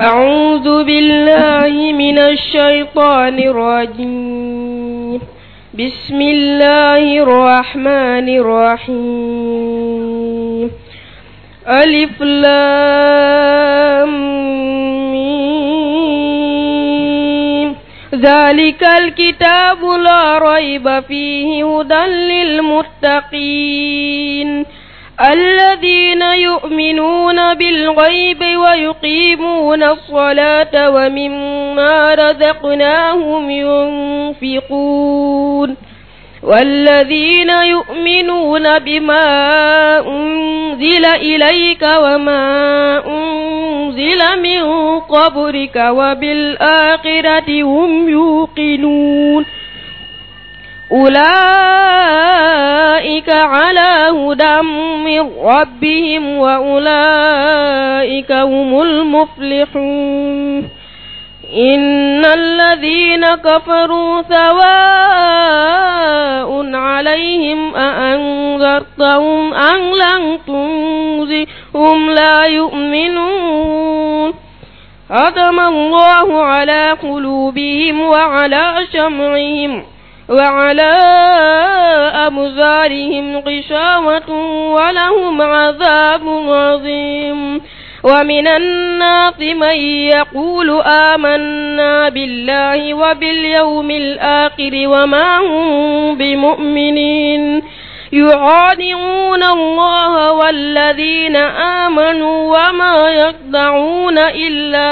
أعوذ بالله من الشيطان الرجيم بسم الله الرحمن الرحيم ألف لام ميم ذلك الكتاب لا ريب فيه هدى للمتقين الذين يؤمنون بالغيب ويقيمون الصلاة ومما رزقناهم ينفقون والذين يؤمنون بما أنزل إليك وما أنزل من قبلك وبالآخرة هم يوقنون أولئك على هدى من ربهم وأولئك هم المفلحون إن الذين كفروا سواء عليهم أأنذرتهم أم لم تنذرهم لا يؤمنون ختم الله على قلوبهم وعلى شمعهم وعلى أبصارهم غشاوة ولهم عذاب عظيم ومن الناس من يقول آمنا بالله وباليوم الآخر وما هم بمؤمنين يعادعون الله والذين آمنوا وما يخدعون إلا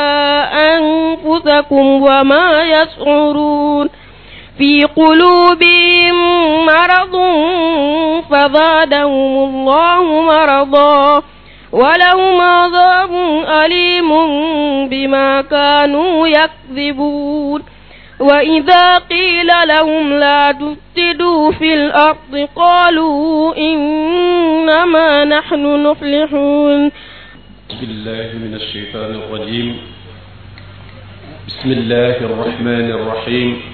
أنفسكم وما يشعرون في قلوبهم مرض فزادهم الله مرضا ولهم عذاب أليم بما كانوا يكذبون وإذا قيل لهم لا تفسدوا في الأرض قالوا إنما نحن نفلحون بالله من الشيطان الرجيم بسم الله الرحمن الرحيم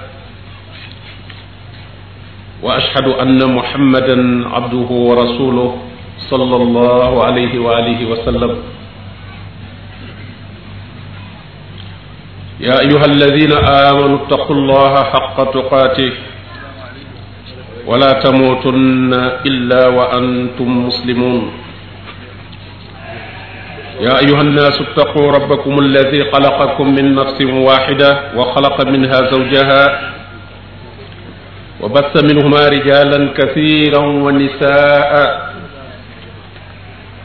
واشهد ان محمدا عبده ورسوله صلى الله عليه واله وسلم يا ايها الذين امنوا اتقوا الله حق تقاته ولا تموتن الا وانتم مسلمون يا ايها الناس اتقوا ربكم الذي خلقكم من نفس واحده وخلق منها زوجها وبث منهما رجالا كثيرا ونساء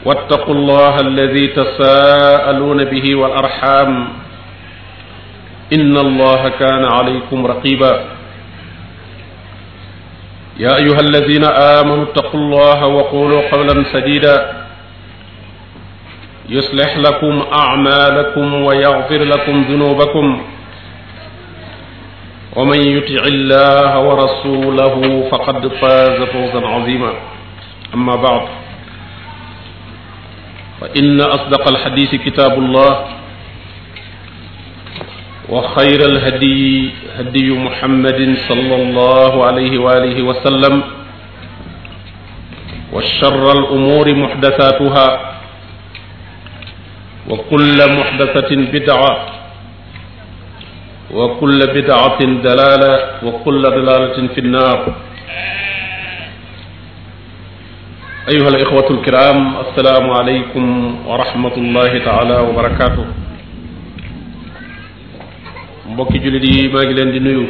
واتقوا الله الذي تساءلون به والأرحام إن الله كان عليكم رقيبا يا أيها الذين آمنوا اتقوا الله وقولوا قولا سديدا يصلح لكم أعمالكم ويغفر لكم ذنوبكم ومن يطع الله ورسوله فقد فاز فوزا عظيما أما بعد فإن أصدق الحديث كتاب الله وخير الهدي هدي محمد صلى الله عليه وآله وسلم وشر الأمور محدثاتها وكل محدثة بدعة wa kulla bidaatin dalaala wa kulla dalaalatin fi nnaar ayuha al ixwatu alkiram assalaamu aleykum wa rahmatullahi taala wa barakaatu mbokki jullit yi maa ngi leen di nuyu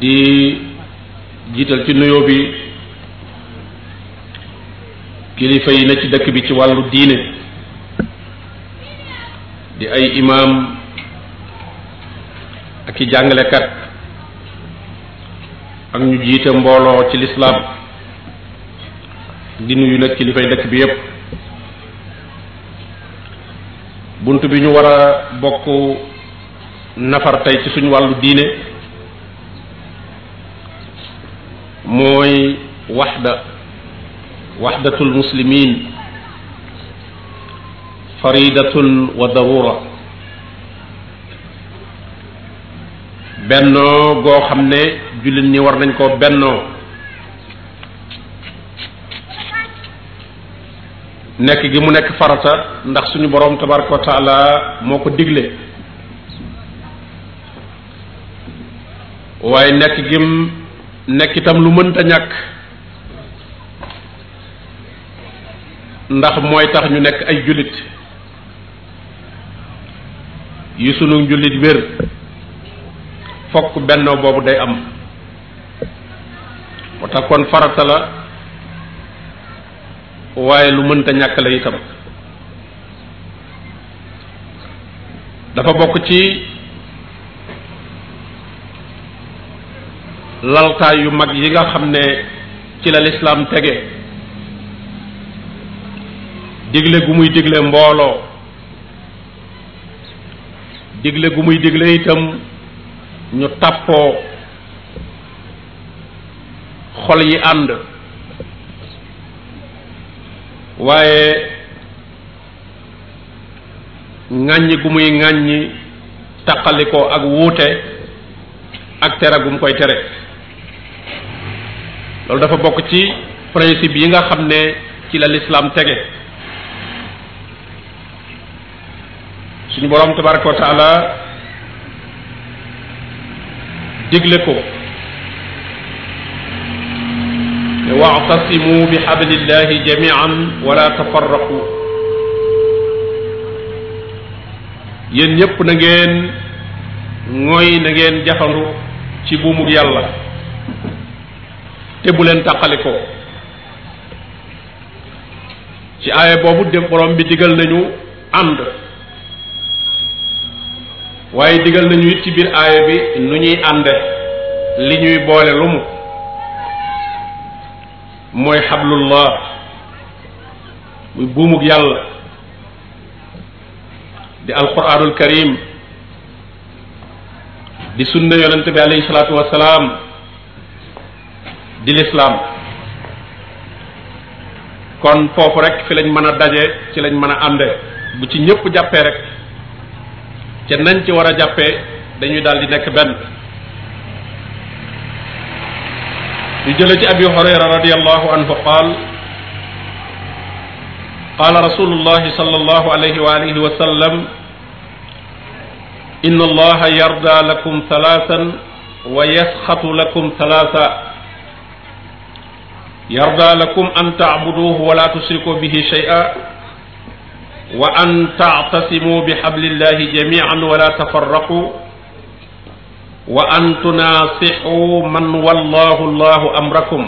di jiital ci nuyoo bi kilifa yi na ci dëkk bi ci wàllu diine di ay imaam ak i jàngalekat ak ñu jiite mbooloo ci lislaam di nuyu nag kilifay dëkk bi yépp bunt bi ñu war a bokk nafar tey ci suñu wàllu diine mooy waxda waxdatul muslimin faridatun wa darura bennoo goo xam ne jullit ñi war nañ koo bennoo nekk gi mu nekk farata ndax suñu boroom tabaraka wa moo ko digle waaye nekk gim nekk itam lu mënta ñàkk ndax mooy tax ñu nekk ay jullit yi sunu njullit wér fokk benn boobu day am moo tax kon farata waaye lu mënta ñàkk la itam dafa bokk ci laltaay yu mag yi nga xam ne ci la lislaam tege digle gu muy digle mbooloo digle gu muy digle itam ñu tàppoo xol yi ànd waaye ŋàññi gu muy ŋàññi taqalikoo ak wuute ak tere gu mu koy tere loolu dafa bokk ci principe yi nga xam ne ci la lislaam tege suñu borom tabaraka wa taala digle ko ne wa'tasimu bi hablillahi jami'an wala tafarraqu yéen ñépp na ngeen mooy na ci buumug yàlla te bu leen tàqale ko ci aaya boobu dem borom bi digal nañu ànd waaye digal nañu it ci biir aaya bi nu ñuy ànde li ñuy boole lu mooy xablullah muy buumug yàlla di alquranul karim di sunna yonente bi alayhi salaatu wasalaam di lislaam kon foofu rek fi lañ mën a daje ci lañ mën a ànde bu ci ñëpp jàppee rek ca nañ ci war a jàppee dañuy daal di nekk benn ñu jële ci abi hurayra radiallahu anhu qaal qaala rasulullahi sallallahu alayhi wa alihi wa sallam inna allaha yarda lakum thalathan wa yasxatu lakum thalatha yarda lakum an tacbuduhu wala tushriku bihi shay'a wa an taatasimu bi xablillahi jamian wala tafarraqu wa an tunaasixu man wallahu llahu amrakum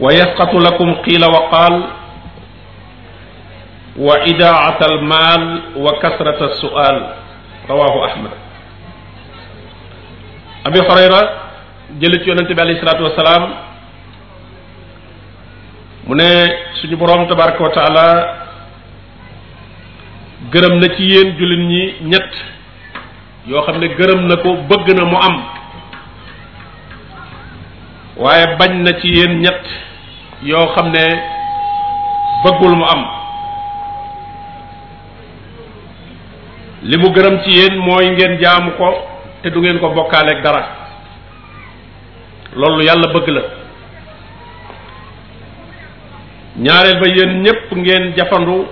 wa yasqatu lakum qiila wa qaal wa idaata almaal wa kasrata sual rawahu ahmad abi hurayra jële ci yonente bi alayhi salaatu wasalaam mu ne suñu borom tabaraka wa gërëm na ci yéen jullit ñi ñett yoo xam ne gërëm na ko bëgg na mu am waaye bañ na ci yéen ñett yoo xam ne bëggul mu am li mu gërëm ci yéen mooy ngeen jaamu ko te du ngeen ko bokkaaleeg dara loolu yàlla bëgg la ñaareel ba yéen ñépp ngeen jafandu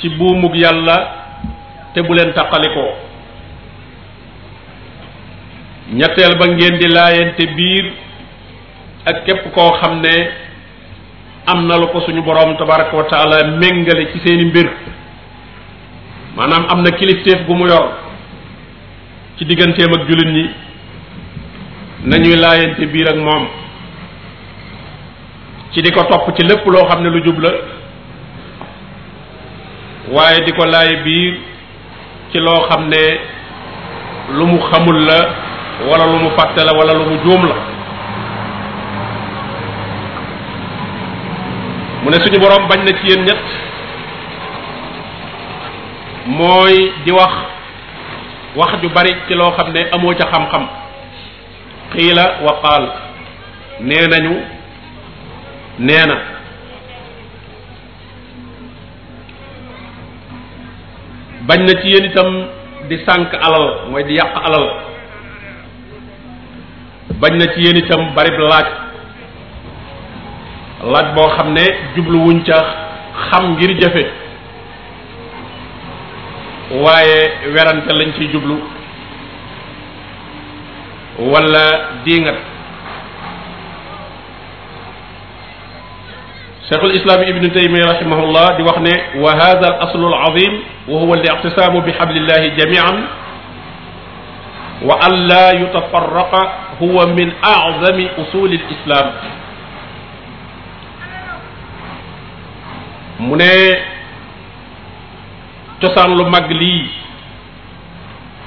ci buumug yàlla te bu leen taqalikoo ñetteel ba ngeen di laayante biir ak képp koo xam ne am na la ko suñu boroom tabaraka wa taala méngale ci seeni mbir maanaam am na kilifteef gu mu yor ci digganteem ak jullit ñi nañuy laayante biir ak moom ci di ko topp ci lépp loo xam ne lu jub la waaye di ko laay biir ci loo xam ne lu mu xamul la wala lu mu fàtte la walla lu mu juum la mu ne suñu boroom bañ na ci yéen ñett mooy di wax wax ju bari ci loo xam ne amoo ca xam-xam xiila wa qaal nee nañu nee na bañ na ci yéen itam di sànq alal mooy di yàq alal bañ na ci yéen itam barib laaj laaj boo xam ne jubluwuñ ca xam ngir jafe waaye werante lañ ciy jublu wala diingat cheikhul islam ibnu taymiya rahimahullah di wax ne wa hada al aslu al azim wa huwa al iqtisaamu bi hablillahi jamian wa an la yutafarraqa huwa min azami usuli al islam mu ne cosaan lu màgg lii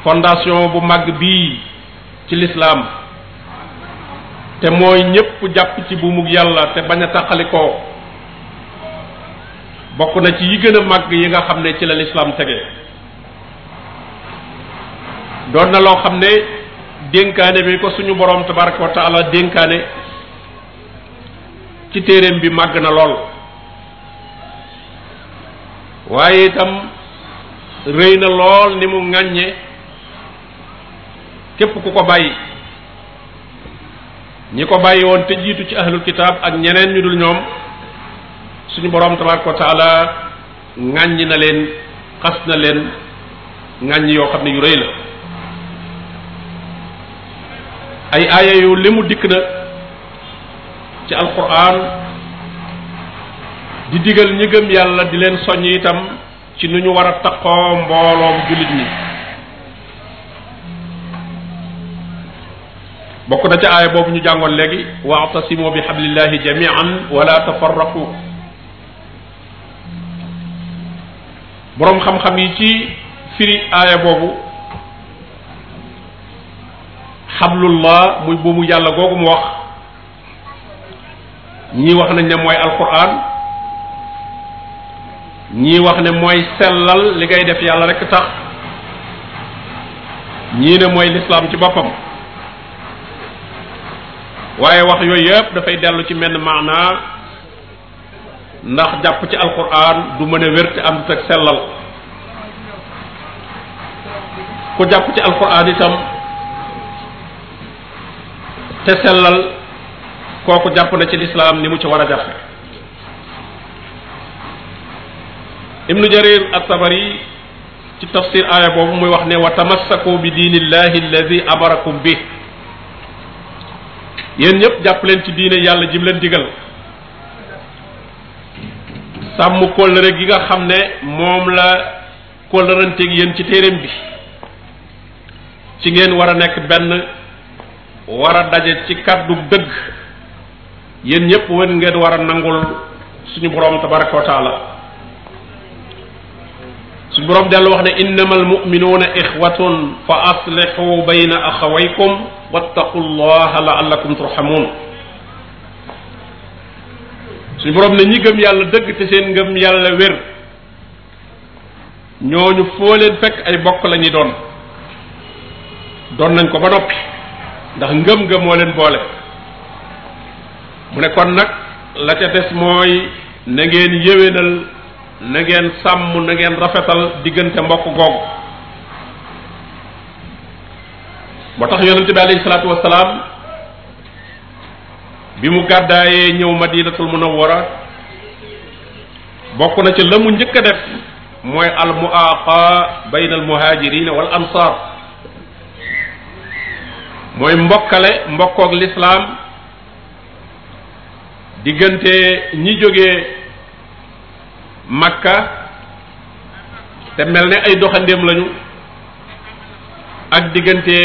fondation bu màgg bii ci lislaam te mooy ñépp jàpp ci buumug yàlla te bañ a tàqalikoo bokk na ci yi gën a yi nga xam ne ci la lislaam tege doon na loo xam ne dénkaane bi ko suñu borom tabaraka wa taala ci téeréem bi màgg na lool waaye itam réy na lool ni mu ŋàññe képp ku ko bàyyi ñi ko bàyyi woon te jiitu ci ahlul kitaab ak ñeneen ñu dul ñoom suñu borom tabaraka wa taala ŋàññi na leen xas na leen ŋàññi yoo xam ne yu rëy la ay aaya yu li mu dikk na ci alquran di digal ñi gëm yàlla di leen soññ itam ci nu ñu war a taqoo mbooloom jullit ñi bokk na ca aaya boobu ñu jàngoon léegi wa'tasimu bi hablillahi jami'an wala tafarraqu boroom xam-xam yi ci firi aaya boobu xablullah muy buumu yàlla googu mu wax ñii wax nañ ne mooy alquran ñii wax ne mooy sellal li ngay def yàlla rekk tax ñii ne mooy lislaam ci boppam waaye wax yooyu yëpp dafay dellu ci menn maanaa ndax jàpp ci alquran du mën a wér te am ak sellal ku jàpp ci alquran itam te sellal kooku jàpp na ci lislaam ni mu ci war a jàppe ibnu jarir at-tabari ci tafsir aaya boobu muy wax ne wa tamassaku bi diinillahi alladi amarakum bi yéen ñëpp jàpp leen ci diine yàlla jim leen digal sàmm kóllëre gi nga xam ne moom la kóllëranteeg yéen ci téereem bi ci ngeen war a nekk benn war a daje ci kàddu dëgg yéen ñépp wen ngeen war a nangul suñu boroom tabaraka wa taala suñu boroom dellu wax ne innamal mu'minuuna ixwatun fa aslihu bayna axawaykum wattaqu llaha la'allakum turhamuun suñu borom na ñi gëm yàlla dëgg te seen ngëm yàlla wér ñooñu foo leen fekk ay bokk la doon doon nañ ko ba noppi ndax ngëm-ngëm moo leen boole mu ne kon nag la ca des mooy na ngeen yéwénal na ngeen sàmm na ngeen rafetal diggante mbokk googu moo tax yonente bi alayhi salaatu wasalaam bi mu gàddaayee ñëw mën madinatul munawwara bokk na ci la mu njëkk a def mooy al muaqa bayna al muhajirina wal ansar mooy mbokkale mbokkook lislaam diggante ñi jóge makka te mel ni ay doxandéem lañu ak diggante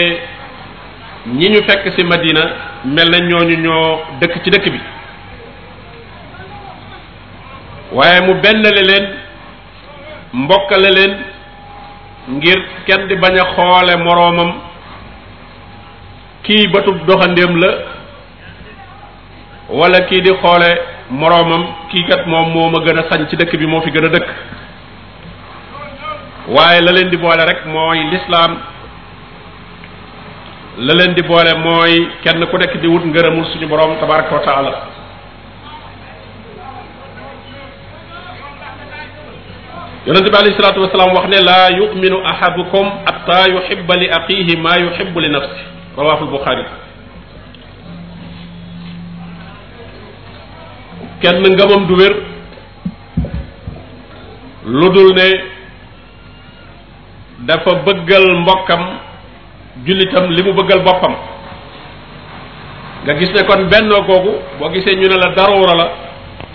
ñi ñu fekk ci Madina mel na ñooñu ñoo dëkk ci dëkk bi waaye mu bennale leen mbokkale leen ngir kenn di bañ a xoole moroomam kii bëtub doxandéem la wala kii di xoole moroomam kii kat moom moo ma gën a sañ ci dëkk bi moo fi gën a dëkk waaye la leen di boole rek mooy lislaam la di boole mooy kenn ku nekk di wut ngërëmul suñu borom tabaraka wa taala yonente bi alayhi wax ne laa yuminu ahadukum hatta yuhibba li aqihi maa yuhibbu li nafsi rawaahu lbuxaari kenn ngëmam du wér lu dul ne dafa bëggal mbokkam jullitam li mu bëggal boppam nga gis ne kon bennoo googu boo gisee ñu ne la daruura la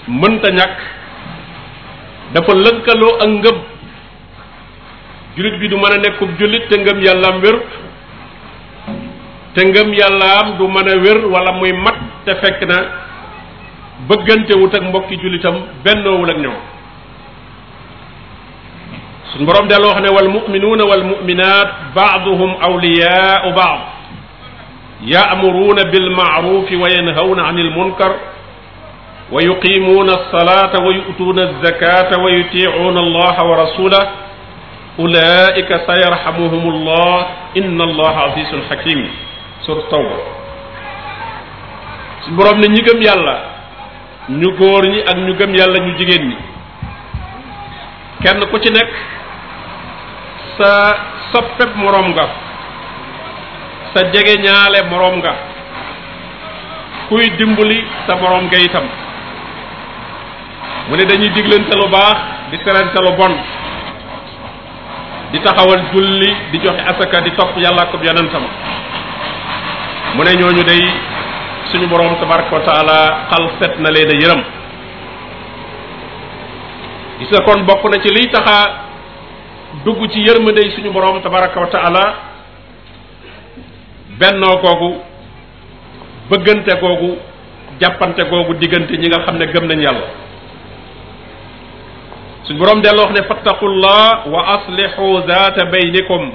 mënta ñàkk dafa lënkaloo ak ngëm jullit bi du mën a nekkub jullit te ngëm yàllaam wér te ngëm yàllaam du mën a wér wala muy mat te fekk na bëggante wut ak mbokki jullitam bennoowul ak ñoom suñ boroom dellu wax ne wal muminuuna wal muminat baaduhum awliyaau baad yaamuruuna bilmaarufi wa yanhawna an ilmunkar wa yuqimuuna alsalata wa yu'tuuna alzakata wa yutiicuuna allaha wa rasulah ulaika sa yarhamuhum allah inna allaha azizun hakim sur tawba suñ boroom ne ñi gëm yàlla ñu góor ñi ak ñu gëm yàlla ñu jigéen ñi kenn ku ci nekk sa soppeb moroom nga sa jege ñaale moroom nga kuy dimbali sa moroom nga itam mu ne dañuy diglante lu baax di terante lu bon di taxawal julli di joxe asaka di topp yàlla ko yonentam mu ne ñooñu day suñu boroom tabaraka wa taala xal set na leen yërëm gis kon bokk na ci liy taxa dugg ci yërmandey suñu borom tabaraka wa taala bennoo kooku bëggante kooku jàppante kooku diggante ñi nga xam ne gëm nañ yàlla suñu boroom delloo wax ne fattaqullah wa aslihu zaata baynikum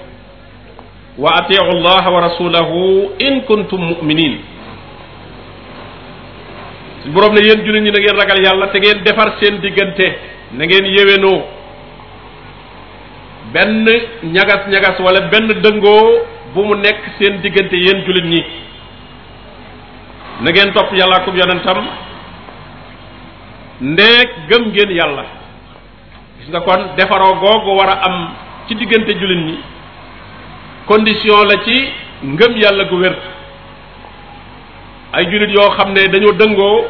wa atiu llah wa rasulahu in kuntum muminin suñu borom ne yéen jullit ñi na ngeen ragal yàlla te ngeen defar seen diggante na ngeen yéwénoo benn ñagas ñagas walla benn dëngoo bu mu nekk seen diggante yéen jullit ñi na ngeen topp yàlla akub yonentam ndee gëm ngeen yàlla gis nga kon defaroo googu war a am ci diggante jullit ñi condition la ci ngëm yàlla gu wér ay jullit yoo xam ne dañoo dëngoo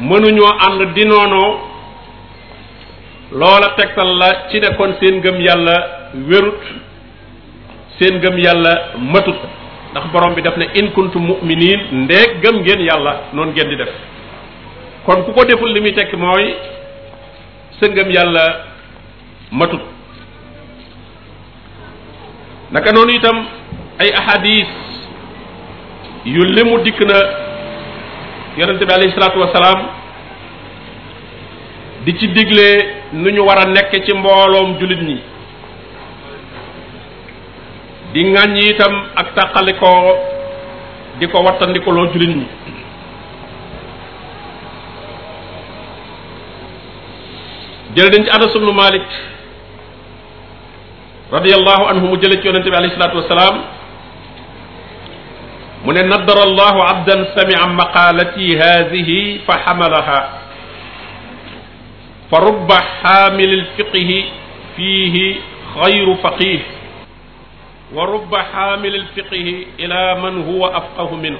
mënuñoo ànd di noonoo loola tegtal la ci ne kon seen ngëm yàlla wérut seen ngëm yàlla matut ndax borom bi daf ne in kuntum mu'minin ndeeg gëm ngeen yàlla noon ngeen di def kon ku ko deful li muy tekki mooy sa ngëm yàlla matut naka noonu itam ay ahadis yu limu dikk na yonente bi alayhi salaatu wasalaam di ci digle nu ñu war a nekk ci mbooloom jullit ñi di ŋàññ itam ak tàqalikoo di ko wattandikuloo jullit ñi jële nañ ci anas ibnu malik radiallahu anhu mu jële ci yonente bi alayhi salatu wasalaam mu ne maqaalati haadihi fa xamalaha fa rubba xaamilil fiqihi fiihi xayru faqih wa rubba xaamilil fiqihi ila man huwa afqahu minhu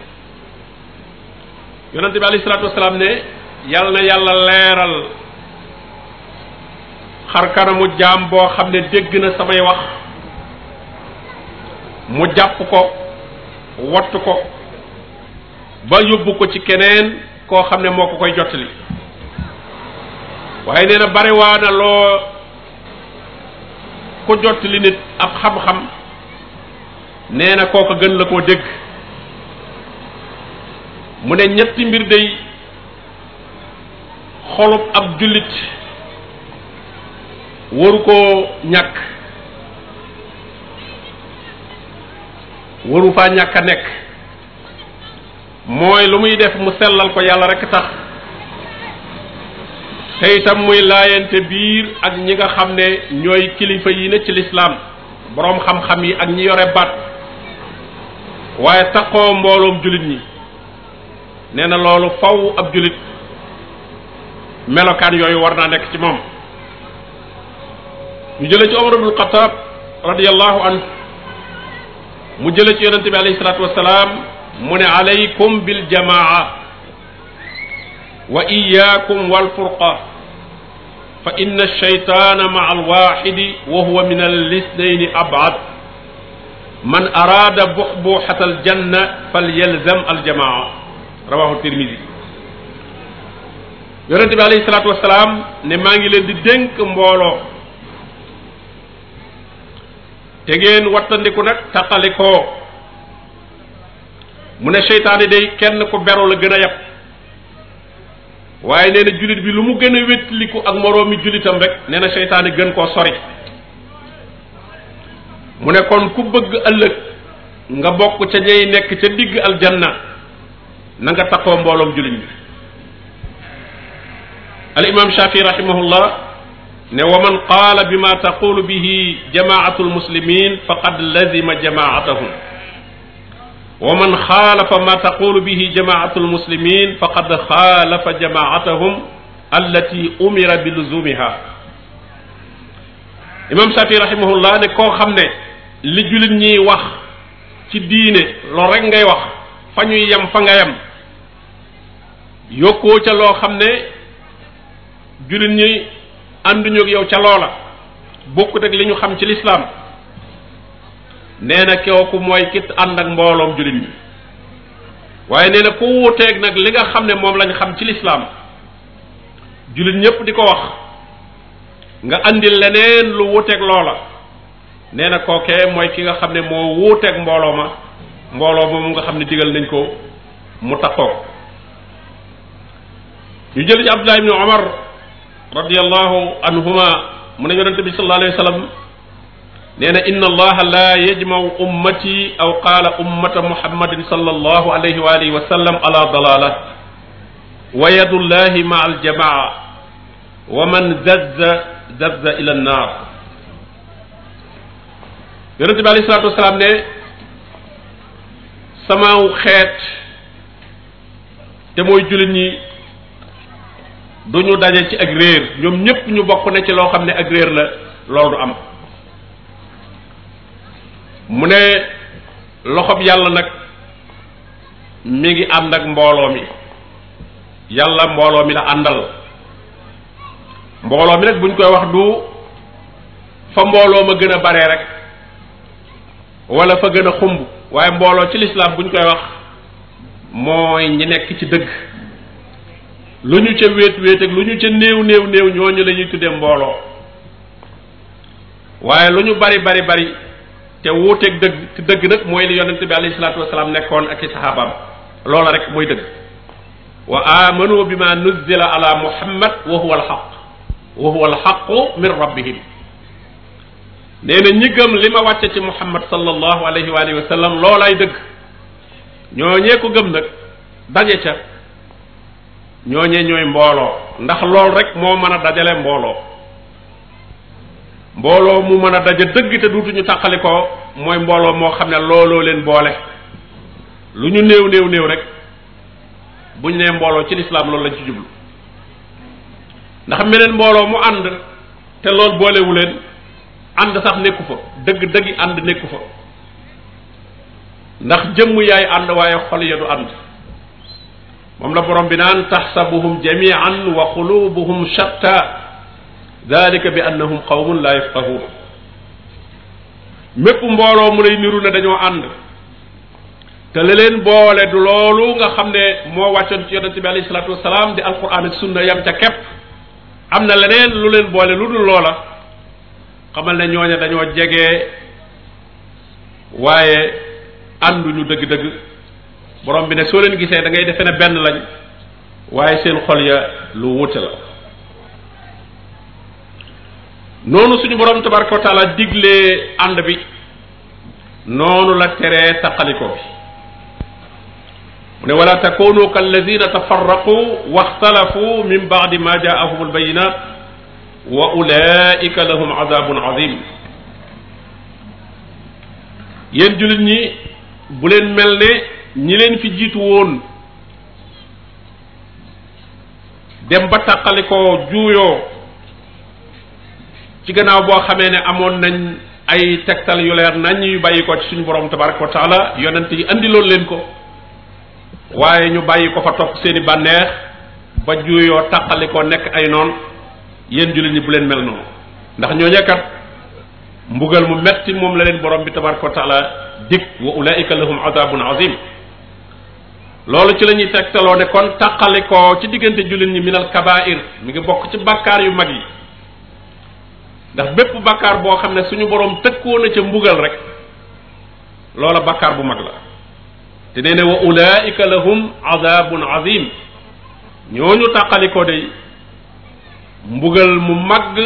yonente bi alayhi salaatu wasalaam ne yàlla yàlla leeral xar xarkanamu jaam boo xam ne dégg na samay wax mu jàpp ko wot ko ba yóbbu ko ci keneen koo xam ne moo ko koy jottali waaye nee na barewaana loo ko jot li nit ab xam-xam nee na kooka gën la koo dégg mu ne ñetti mbir day xolub ab jullit waru koo ñàkk waru faa ñàkk a nekk mooy lu muy def mu sellal ko yàlla rekk tax te itam muy laayante biir ak ñi nga xam ne ñooy kilifa yii ne ci lislaam boroom xam-xam yi ak ñi yore baat waaye taqoo mbooloom jullit ñi nee na loolu faw ab jullit melokaan yooyu war naa nekk ci moom ñu jële ci Omar ibnul Xataab radiyallahu anhu mu jële ci yonente bi alayhi wasalaam mu ne alaykum bil jamaa wa iyaakum wal furqa fa inna shaytaana maa alwaaxidi wa huwa min allisnayni abad man araada buxbuxata aljanna falyalzam aljamaa rawahu tirmidi yonente bi alayhi salaatu wasalaam ne maa ngi leen di dénk mbooloo te ngeen wattandiku nag taqalikoo mu ne seytaane day kenn ku beru la gën a yàpp waaye nee na jullit bi lu mu gën a wétliku ak moroomi jullitam rek nee na seytaane gën koo sori mu nekkoon ku bëgg ëllëg nga bokk ca ñay nekk ca digg aljanna na nga taxoo mbooloom jullit bi al imam shafii rahimahullah ne wa man qaala bi ma taqulu bihi jamaatu almuslimin faqad lazima jamaatahum wa man xaalafa ma taqulu bihi jamaatu almuslimin faqad xaalafa jamaatahum allati umira bi luzumiha imam Shafi rahimahullah ne koo xam ne li jullit ñiy wax ci diine loolu rekk ngay wax fa ñuy yem fa nga yem yokkoo ca loo xam ne jullit ñi ànduñu ak yow ca loola bokk ak li ñu xam ci lislaam nee na kooku mooy ki ànd ak mbooloom jullit ñi waaye nee na ku wuuteeg nag li nga xam ne moom lañ xam ci lislaam jullit ñépp di ko wax nga andi leneen lu wuuteeg loola nee na kookee mooy ki nga xam ne moo wuuteeg mbooloo ma mbooloo moomu nga xam ne digal nañ ko mu taxoo ñu jël ci Abdullah ibni Omar radiyallahu anhuma mu ne yonente bi sallallahu alayhi wa nee na inna allaha la yajmau ummati aw qaala ummata muhammadin sallallahu alayhi wa alihi wa sallam ala dalala wa yadullahi maa aljamaa wa man zazza zazza ila annaar yonente bi alayhi salatu wasalaam ne samaaw xeet te mooy jullit ñi du ñu daje ci ak réer ñoom ñépp ñu bokk ne ci loo xam ne ak la loolu du am mu ne loxob yàlla nag mi ngi ànd ak mbooloo mi yàlla mbooloo mi la àndal mbooloo mi nag buñ koy wax du fa mbooloo ma gën a bare rekk wala fa gën a xumb waaye mbooloo ci lislaam buñ koy wax mooy ñi nekk ci dëgg lu ñu ca wéet wéet ak lu ñu ca néew néew néew ñooñu la ñuy tuddee mbooloo waaye lu ñu bari bari bari te wuuteeg dëgg dëgg nag mooy li yonente bi alayhi salaatu wasalaam nekkoon ak i saxaabaam loola rek mooy dëgg wa bi bima nuzila ala muhammad wa huwa alxaq wa huwa alxaqu min rabbihim nee na ñi gëm li ma wàcce ci muhammad sallallahu alayhi wa alihi wa loolaay dëgg ñooñee ko gëm nag daje ca ñoo ñooñee ñooy mbooloo ndax lool rek moo mën a dajale mbooloo mbooloo mu mën a daje dëgg te duutuñu tàqali ko mooy mbooloo moo xam ne looloo leen boole lu ñu néew néew néew rek buñ nee mbooloo ci lislaam loolu lañ ci jublu ndax meneen mbooloo mu ànd te lool boolewu leen ànd sax nekku fa dëgg dëggi ànd nekku fa ndax jëmm yaay ànd waaye xol ya du ànd moom la borom bi naan sa taxsabuhum jamian wa qulubuhum shatta dalika bi annahum qawmun la yafqahun mépp mbooloo mu lay niru ne dañoo ànd te la du loolu nga xam ne moo wàccoon ci yonente bi alayhi salaatu wasalaam di alquran ak sunna yam ca kepp am na leneen lu leen boole lu dul loola xamal ne ñooña dañoo jege waaye ànduñu dëgg-dëgg borom bi ne soo leen gisee da ngay defe ne benn lañ waaye seen xol ya lu wute la noonu suñu borom tabaraka wa taala diglee ànd bi noonu la teree taqaliko bi mu ne wala takunu kalladina tafarraqu waxtalafu min baadi ma jaahum albayinat wa ulaika lahum adabun azim yéen jullit ñi bu leen mel ne ñi leen fi jiitu woon dem ba taqalikoo juuyoo ci gannaaw boo xamee ne amoon nañ ay tegtal yu leer nañ bàyyi ko ci suñu borom tabaraka wa taala yonent yi andiloon leen ko waaye ñu bàyyi ko fa topp seeni bànneex ba juuyoo taqali nekk ay noon yéen jullit ñi bu leen mel noonu ndax ñooñu kat mbugal mu metti moom la leen borom bi tabaraka wa taala dik wa ulaika lahum azabun azim loolu ci lañuy ñuy tegtaloo ne kon taqali ko ci diggante jullit ñi minal kabair mi ngi bokk ci bàkkaar yu mag yi ndax bépp bàkkaar boo xam ne suñu borom tëkkoo na ca mbugal rek loola bàkkaar bu mag la te nee na wa ulaika lahum azabun azim ñooñu tàqaliko day mbugal mu mag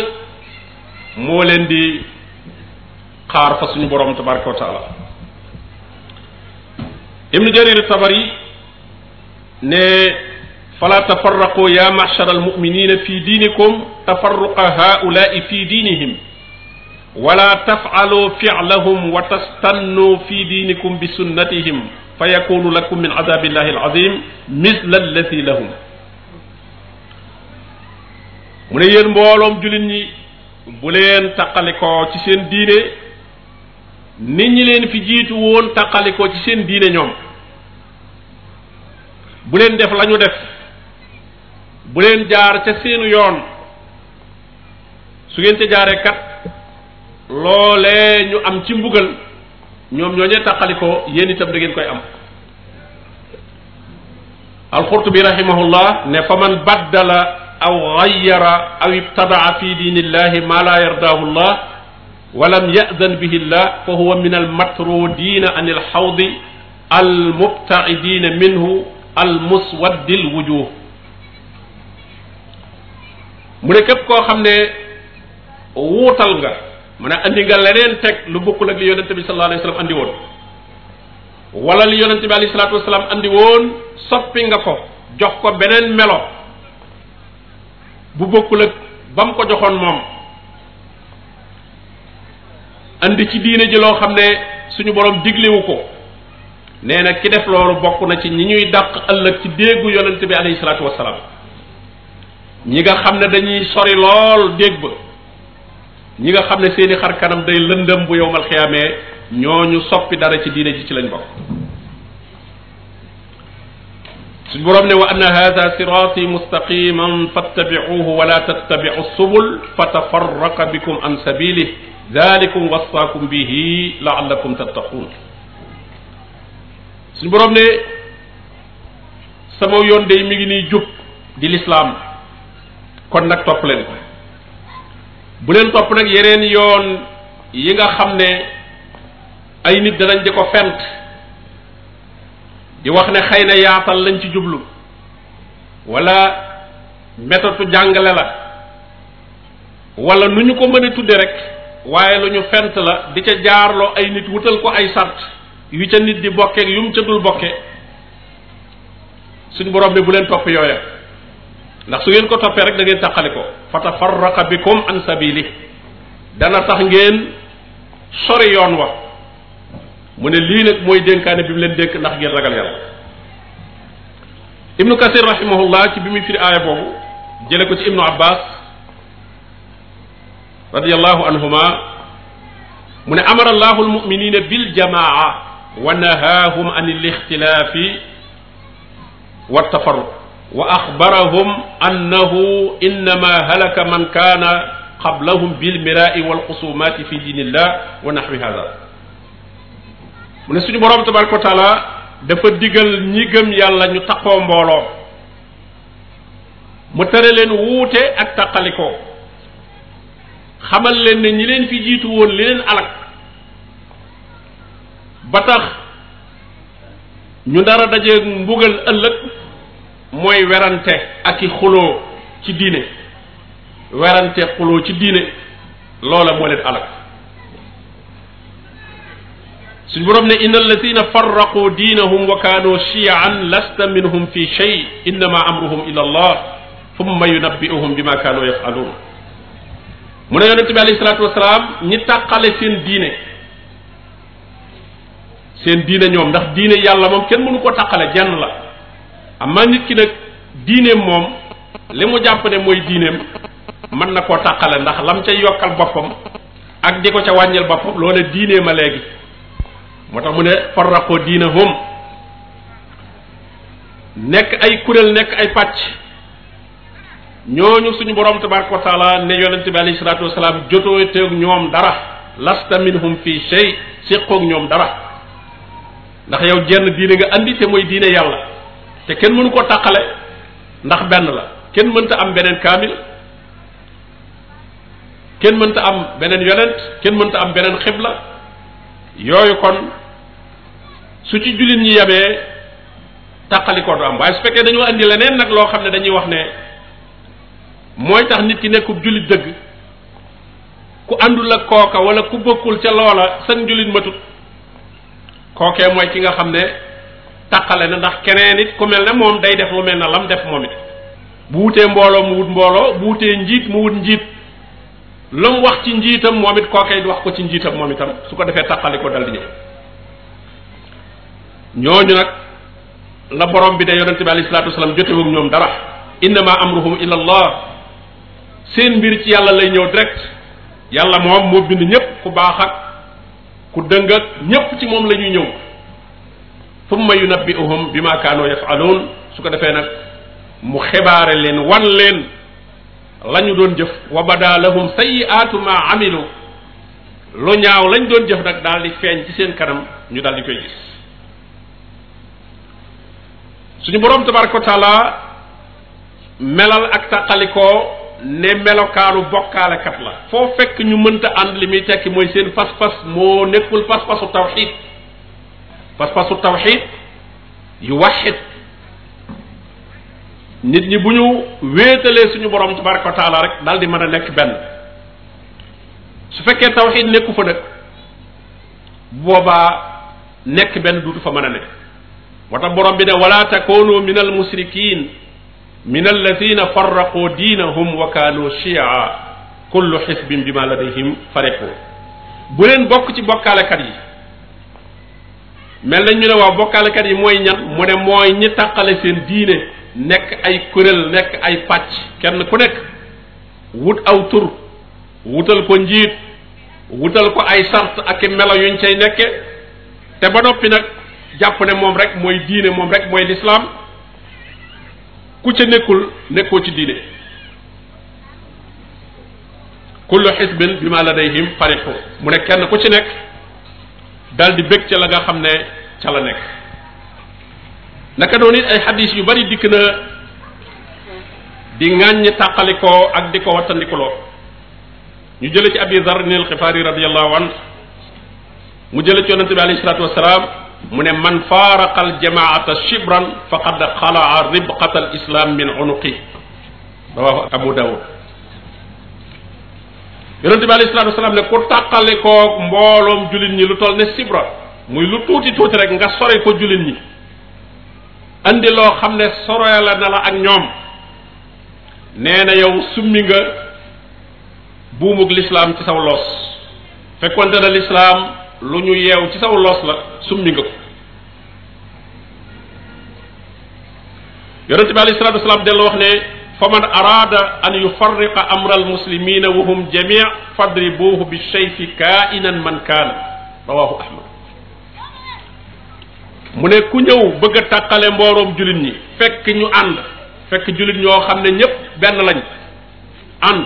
moo leen di xaar fa suñu boroom tabaraka wa taala ibnu jarir tabari ne fala tafarraqu ya machara almuminina fi diinikum tafarruqa haulaai fi diinihim wala tafcalu ficlahum wa tastannu fi diinikum bi sunnatihim fa yakunu lakum min adabillahi alazim misla allati lahum mu ne mbooloom jullit ñi bu leen ko ci seen diine nit ñi leen fi jiitu woon taqalikoo ci seen diine ñoom bu leen def lañu def bu leen jaar ca seenu yoon su ngeen ca jaaree kat loolee ñu am ci mbugal ñoom ñooñee tàqalikoo yéen itam am ngeen koy am alqurtubi rahimahullah ne fa man baddala aw gayyara aw ibtadaa fi diinillahi ma la yardaahu llah walam yadan bihi llah fa huwa min almatrudina an alxawdi almubtaidina minhu almuswaddi alwujuh mu ne képp koo xam ne wuutal nga mu ne indi nga leneen teg lu bokkul ak li yonente bi sallallahu alayhi wasallam andi woon wala li yonente bi alayhi salatu wasallam andi woon soppi nga ko jox ko beneen melo bu bokkul ak ba mu ko joxoon moom andi ci diine ji loo xam ne suñu borom diglewu ko nee na ki def loolu bokk na ci ñi ñuy dàq ëllëg ci déggu yonente bi alayhi salatu wasalam ñi nga xam ne dañuy sori lool dégg ba ñi nga xam ne seeni xarkanam day lëndëm bu yowmal xiyaamee ñooñu soppi dara ci diine ji ci lañ bokk suñ boroom ne wa anna hada siraati mustaqiman fattabicuuhu wala tattabicu subul fatafarraqa bikum an sabilih dalikum wasaakum bihi laallakum tattaquun suñ boroom ne sama yoon day mi ngi nii jub di lislaam kon nag topp leen ko bu leen topp nag yeneen yoon yi nga xam ne ay nit danañ di ko fent di wax ne xëy na yaatal lañ ci jublu wala méthode jàngale la wala nu ñu ko mën a tudde rek waaye lu ñu fent la di ca jaarloo ay nit wutal ko ay sart yu ca nit di bokke yu mu ca dul bokke suñ borom bi bu leen topp yooya ndax su ngeen ko toppee rek da ngeen tàqali ko fa tafarraqa bikum an sabili dana tax ngeen sore yoon wa mu ne lii nag mooy dénkaane bi mu leen dénk ndax ngeen ragal yàlla ibnu kasir rahimahullah ci bi muy firi aaya boobu jële ko ci ibnu abbas radiallahu anhuma mu ne amara allahu almuminina biljamaa wa nahaahum an alixtilaafi wa tafarruq wa axbarahum annahu innama halaka man kaana qablahum bilmiraai walxusumaati fi diinillah wa naxwi hada mu ne suñu borom tabaraka wa taala dafa digal ñi gëm yàlla ñu taqoo mbooloo mu tere leen wuute ak taqalikoo xamal leen ne ñi leen fi jiitu woon li leen alak ba tax ñu dara dajeeg mbugal ëllëg mooy werante ak i xuloo ci diine werante xuloo ci diine loola moo leen alak suñ borom ne inna alladina farraqu diinahum wa kaanu shiyaan lasta minhum fi shay innama amruhum ila allah thumma yunabbiuhum bima kaanu yafaluun mu ne yonente bi alayhi salaatu wasalaam ñi tàqale seen diine seen diine ñoom ndax diine yàlla moom kenn mënu ko tàqale jenn la amma nit ki nag diineem moom li mu jàpp ne mooy diineem mën na koo tàqale ndax lam ca yokkal boppam ak di ko ca wàññil boppam loola diinee ma léegi moo tax mu ne farraqoo diinahum nekk ay kuréel nekk ay pàcc ñooñu suñu borom tabaraka wa taala ne yonente bi alayhi salaatu wasalaam jotoo teeg ñoom dara lasta minhum fii shay séqoog ñoom dara ndax yow jenn diine nga andi te mooy diine yàlla te kenn mënu ko tàqale ndax benn la kenn mënta am beneen kaamil kenn mënta am beneen yonent kenn mënta am beneen xibla yooyu kon su ci jullit ñi yemee tàqalikoo du am waaye su fekkee dañoo andi leneen nag loo xam ne dañuy wax ne mooy tax nit ki nekkub jullit dëgg ku àndul ak kooka wala ku bokkul ca loola sën jullit matut kookee mooy ki nga xam ne taqale na ndax keneen it ku mel ne moom day def lu mel na lam def moom it bu wutee mbooloo mu wut mbooloo bu wutee njiit mu wut njiit lu mu wax ci njiitam moom it kookay wax ko ci njiitam moom itam su ko defee taqale ko dal di ñëw ñooñu nag la borom bi de yonente bi alayhi salaatu wasalaam jotewul ñoom dara innama amruhum ila allah seen mbir ci yàlla lay ñëw direct yàlla moom moo bind ñépp ku baax ak ku dëng ñépp ci moom lañuy ñëw thumma bi bima kaanu yaf'aluun su ko defee nag mu xibaare leen wan leen lañu doon jëf wa bada lahum sayyi'aatu ma amilu lu ñaaw lañ doon jëf nag daal feeñ ci seen kanam ñu daldi koy gis suñu boroom tabaraka wa taala melal ak tàqalikoo ne melokaanu bokkaalekat la foo fekk ñu mënta ànd li muy tekki mooy seen pas-pas moo nekkul pas-pasu tawxiid pas-pasu tawxid yu waxit nit ñi bu ñu wéetalee suñu borom tabaraka wa taala rek daal di mën a nekk benn su fekkee tawxid nekku fa nag boobaa nekk benn duutu fa mën a nekk moo borom bi ne wala takunu min al musrikin min alladina farraqu diinahum wa kaanu chia kullu xisbin bima ladayhim fariqun bu leen bokk ci bokkaalekat yi mel nañ mu ne waaw bokkaalekat yi mooy ñan mu ne mooy ñi tàqale seen diine nekk ay kuréel nekk ay pàcc kenn ku nekk wut aw tur wutal ko njiit wutal ko ay sart ak melo yuñ cay nekkee te ba noppi nag jàpp ne moom rek mooy diine moom rek mooy lislaam ku ci nekkul nekkoo ci diine kullu xisbin bi ma ladayhim farixu mu ne kenn ku ci nekk daal di bég ca la nga xam ne ca la nekk naka ay xadis yu bari dikk na di ŋàññ tàqalikoo ak di ko wattandikuloo ñu jële ci abi dar nil xifaari radiallahu an mu jële ci yonente bi alayhi salatu wasalaam mu ne man faaraqa aljamaata shibran faqad xalaa ribqata al min unuqi rawahu abu dawud yonente bi alayhi salaatu wasalaam ne ku tàqali koog mbooloom jullit ñi lu toll ne sibra muy lu tuuti tuuti rek nga sore ko jullit ñi andi loo xam ne soroya na la ak ñoom nee na yow summi nga buumug lislaam ci saw loos fekkonte na lislaam lu ñu yeew ci saw loos la summi nga ko yonente bi alayhi salaatu wasalaam dellu wax ne fa man araada an yufarriqa amra almuslimina wa hum jamii fadribuuhu bi sayfi kainan man kaana rawahu ahmad mu ne ku ñëw bëgg a tàqale mbooroom jullit ñi fekk ñu ànd fekk jullit ñoo xam ne ñépp benn lañ ànd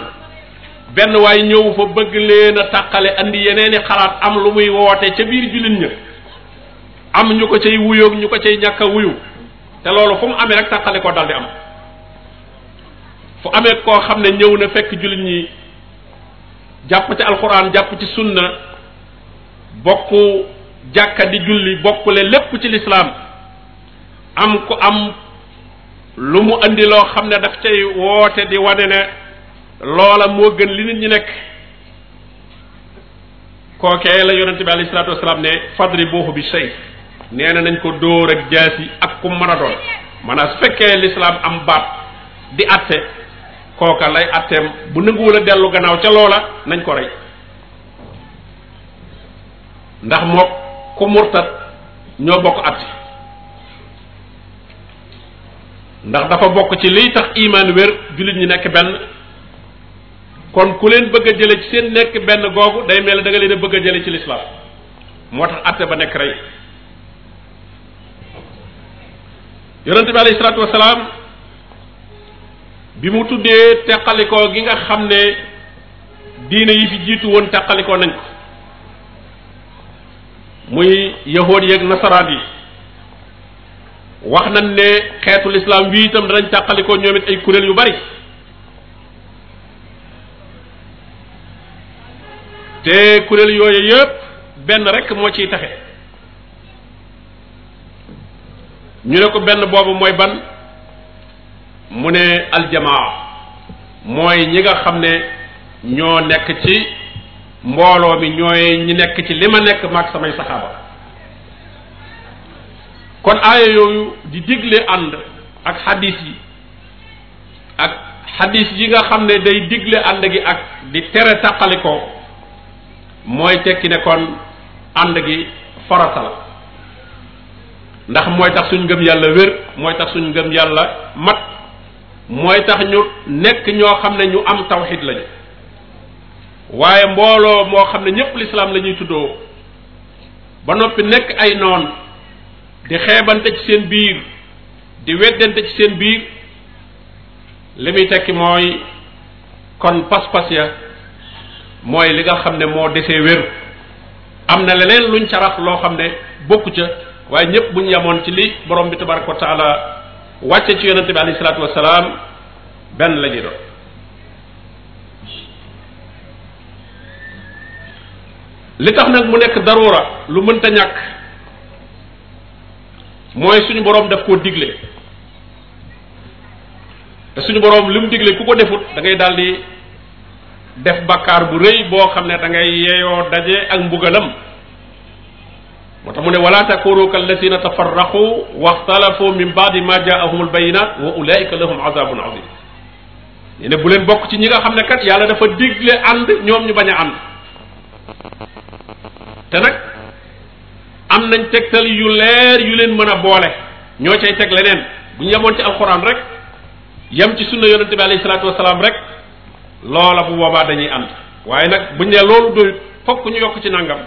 benn waaye ñëw fa bëgg leen a tàqale yeneeni xalaat am lu muy woote ca biir jullit ña am ñu ko cay wuyoog ñu ko cay ñàkk wuyu te loolu fu mu amee rek tàqale ko daldi am fu amee koo xam ne ñëw na fekk jullit ñi jàpp ci alxuraan jàpp ci sunna bokk jàkka di julli bokkule lépp ci lislaam am ku am lu mu indi loo xam ne daf cay woote di wane ne loola moo gën li nit ñi nekk kookee la yonente bi alayhi salaatu ne fadri booxu bi sey nee nañ ko dóor ak yi ak ku mën a doon maanaam su fekkee lislaam am baat di atte kooka lay atteem bu nanguwul a dellu gannaaw ca loola nañ ko rey ndax moo ku murtat ñoo bokk atti ndax dafa bokk ci liy tax imaan wér jullit ñi nekk benn kon ku leen bëgg a jële ci seen nekk benn googu day mel da leen bëgg a jële ci lislaam moo tax atte ba nekk rey yonente bi alayhi salaatu wasalaam bi mu tuddee teqalikoo gi nga xam ne diine yi fi jiitu woon teqalikoo nañ ko muy yahood yeeg nasaraan yi wax nañ ne xeetu lislaam wi itam danañ teqalikoo ñoom it ay kuréel yu bari te kuréel yooyu yépp benn rekk moo ciy taxe ñu ne ko benn boobu mooy ban mu ne aljamaa mooy ñi nga xam ne ñoo nekk ci mbooloo mi ñooy ñi nekk ci li ma nekk maag samay saxaaba kon aaya yooyu di digle ànd ak xadis yi ak xadis yi nga xam ne day digle ànd gi ak di tere tàqalikoo mooy tekki ne kon ànd gi farata la ndax mooy tax suñ ngëm yàlla wér mooy tax suñ ngëm yàlla mat mooy tax ñu nekk ñoo xam ne ñu am tawxid lañu waaye mbooloo moo xam ne ñépp lislaam lañuy ñuy tuddoo ba noppi nekk ay noon di xeebante ci seen biir di weddante ci seen biir li muy tekki mooy kon pas-pas ya mooy li nga xam ne moo desee wér am na leneen luñ ca loo xam ne bokku ca waaye ñépp buñ yamoon ci li borom bi tabaraka wa wàcce ci yonente bi alayhi salaatu wasalaam benn la ñuy doon li tax nag mu nekk daruura lu mënta ñàkk mooy suñu boroom daf koo digle te suñu boroom li mu digle ku ko defut dangay ngay daal di def bàkkaar bu rëy boo xam ne dangay ngay yeeyoo daje ak mbugalam moo tax mu ne wala takunu kallatina tafarraqu waxtalafu min baadi ma jaahumul bayinat wa ulaika lahum azabun azim ñu ne bu leen bokk ci ñi nga xam ne kat yàlla dafa digle ànd ñoom ñu bañ a ànd te nag nañ tegtal yu yu leen mën a boole ñoo cay teg leneen bu ñu yemoon ci alxuraan rek yem ci sunna yonente bi alayhi salaatu rek loola bu boobaa dañuy ànd waaye nag buñ ne loolu doyut fokk ñu yokk ci nangam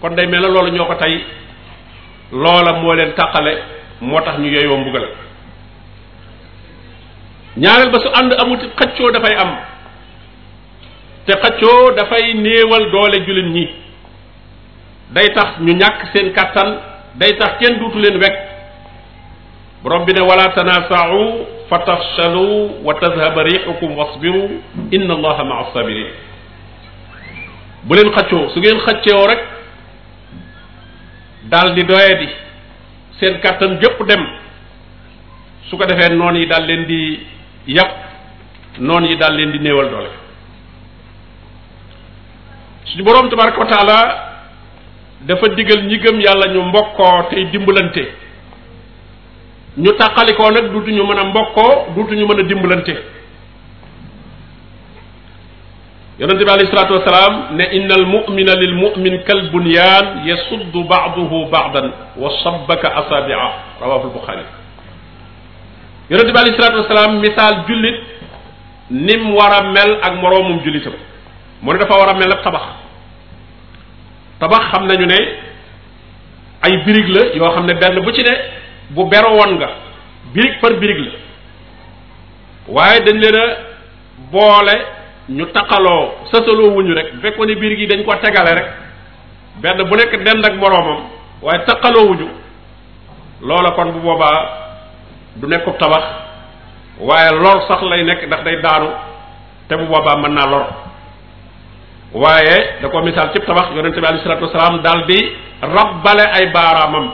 kon day mel na loolu ñoo ko tey loola moo leen tàqale moo tax ñu yeyoo mbugal ñaareel ba su ànd amut xëccoo dafay am te xëccoo dafay néewal doole jullit ñi day tax ñu ñàkk seen kàttan day tax kenn duutu leen wekk borom bi ne wala tanaasau fa tafshalu wa tadhaba rixukum wasbiru inna allaha maa sabirin bu leen xëccoo su ngeen xëccoo rek daal di doyadi seen kàttan jëpp dem su ko defee noon yi dal leen di yàpp noon yi daal leen di néewal doole suñu boroom tabaraka wa taala dafa digal ñi gëm yàlla ñu mbokkoo tey dimbalante ñu tàqalikoo nag duutuñu mën a mbokkoo ñu mën a dimbalante yonente bi alayhi salaatu wasalaam ne inna al mumina lil mumin kal bunyaan yasuddu baaduhu baadan wa sabbaka asaabi'a rawahu lbuxaari yonente bi alayhi salaatu wasalaam misaal jullit nim war a mel ak moroomum jullitam mu ne dafa war a mel ak tabax tabax xam nañu ne ay birig la yoo xam ne benn bu ci ne bu bero woon nga birig par birig la waaye dañ leen a boole ñu taqaloo sësaloo wuñu rek bu ni ne biir gi dañ ko tegale rek benn bu nekk dend ak moroomam waaye taqaloo wuñu loola kon bu boobaa du nekkub tabax waaye lor sax lay nekk ndax day daanu te bu boobaa mën naa lor waaye da ko misaal cib tabax yonente bi alei salatu wasalaam daal di rabbale ay baaraamam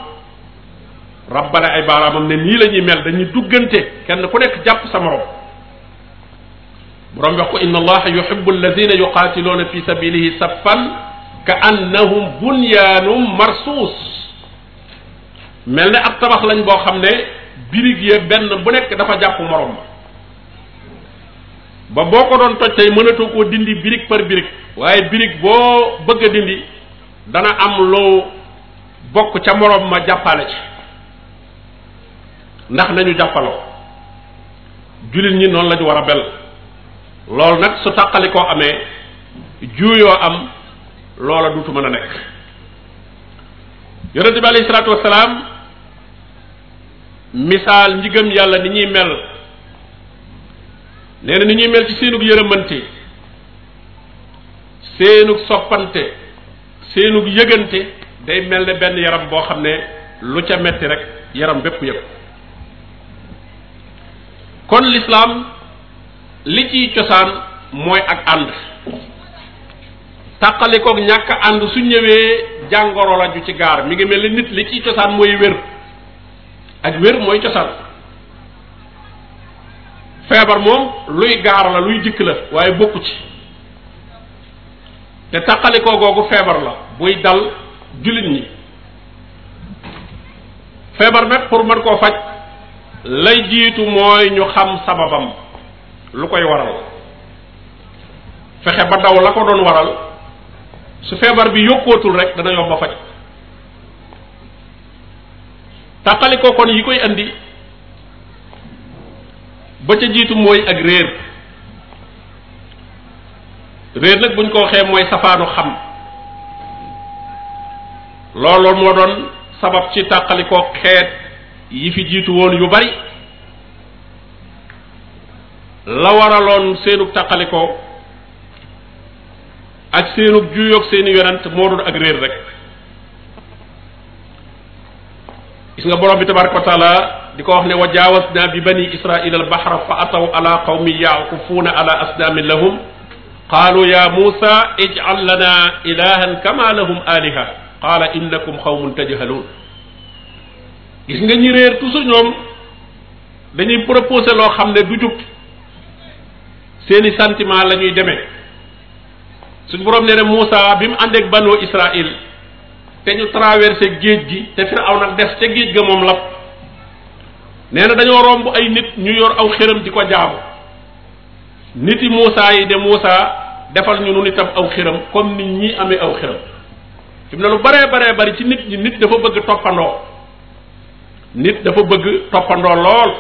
rabbale ay baaraamam ne nii la ñuy mel dañuy duggante kenn ku nekk jàpp sa morom borom wax ko inna allaha yuhibbu alladina yuqaatiluuna fi sabilihi saffan ka annahum bunyaanum marsuus mel ne ab tabax lañ boo xam ne birig ya benn bu nekk dafa jàpp moroom ba ba boo ko doon toj tey mënatoo koo dindi birig par birig waaye birig boo bëgg dindi dana am loo bokk ca moroom ma jàppale ci ndax nañu jàppaloo jullit ñi noonu lañu war a bel loolu nag su tàqali koo amee juuyoo am loola duutu mën a nekk yonente bi alayhi salaatu wasalaam misaal ñi yàlla ni ñuy mel nee na ni ñuy mel ci seenug yërëmante seenug soppante seenug yëgante day mel ni benn yaram boo xam ne lu ca metti rek yaram bépp yëg kon l'islam li ciy cosaan mooy ak ànd tàqalikook ñàkk ànd su ñëwee jàngoro la ju ci gaar mi ngi mel ni nit li ciy cosaan mooy wér ak wér mooy cosaan feebar moom luy gaar la luy dikk la waaye bokku ci te tàqalikoo googu feebar la buy dal jullit ñi feebar nag pour mën koo faj lay jiitu mooy ñu xam sababam lu koy waral fexe ba daw la ko doon waral su feebar bi yokkootul rek dana yomb a faj tàqali ko yi koy indi ba ca jiitu mooy ak réer réer nag buñ ko waxee mooy safaanu xam loolu moo doon sabab ci tàqalikoo xeet yi fi jiitu woon yu bari la waraloon seenug taqalikoo ak seenu juyoog seeni yonent moo doon ak réer rek gis nga boroom bi tabaraka wa di ko wax ne wa jaawasna bi bani israila albahra fa ataw ala qawmi yaakufuuna ala asnaamin lahum qaalu ya muusa ijcal lana ilahan kama lahum aliha qaala innakum qawmun tajhaluun gis nga ñi réer toujours ñoom dañuy proposé loo xam ne du jub seeni santiment la ñuy demee suñ boroom nee na Moussa bi mu àndeek ak banu Israël te ñu traversé géej gi te Firaw nag des ca géej ga moom la nee na dañoo romb ay nit ñu yor aw xëram di ko jaamu nit yi Moussa yi de Moussa defal ñu nu itam aw xëram comme nit ñi amee aw xëram fi na lu baree bare bari ci nit ñi nit dafa bëgg toppandoo nit dafa bëgg toppandoo lool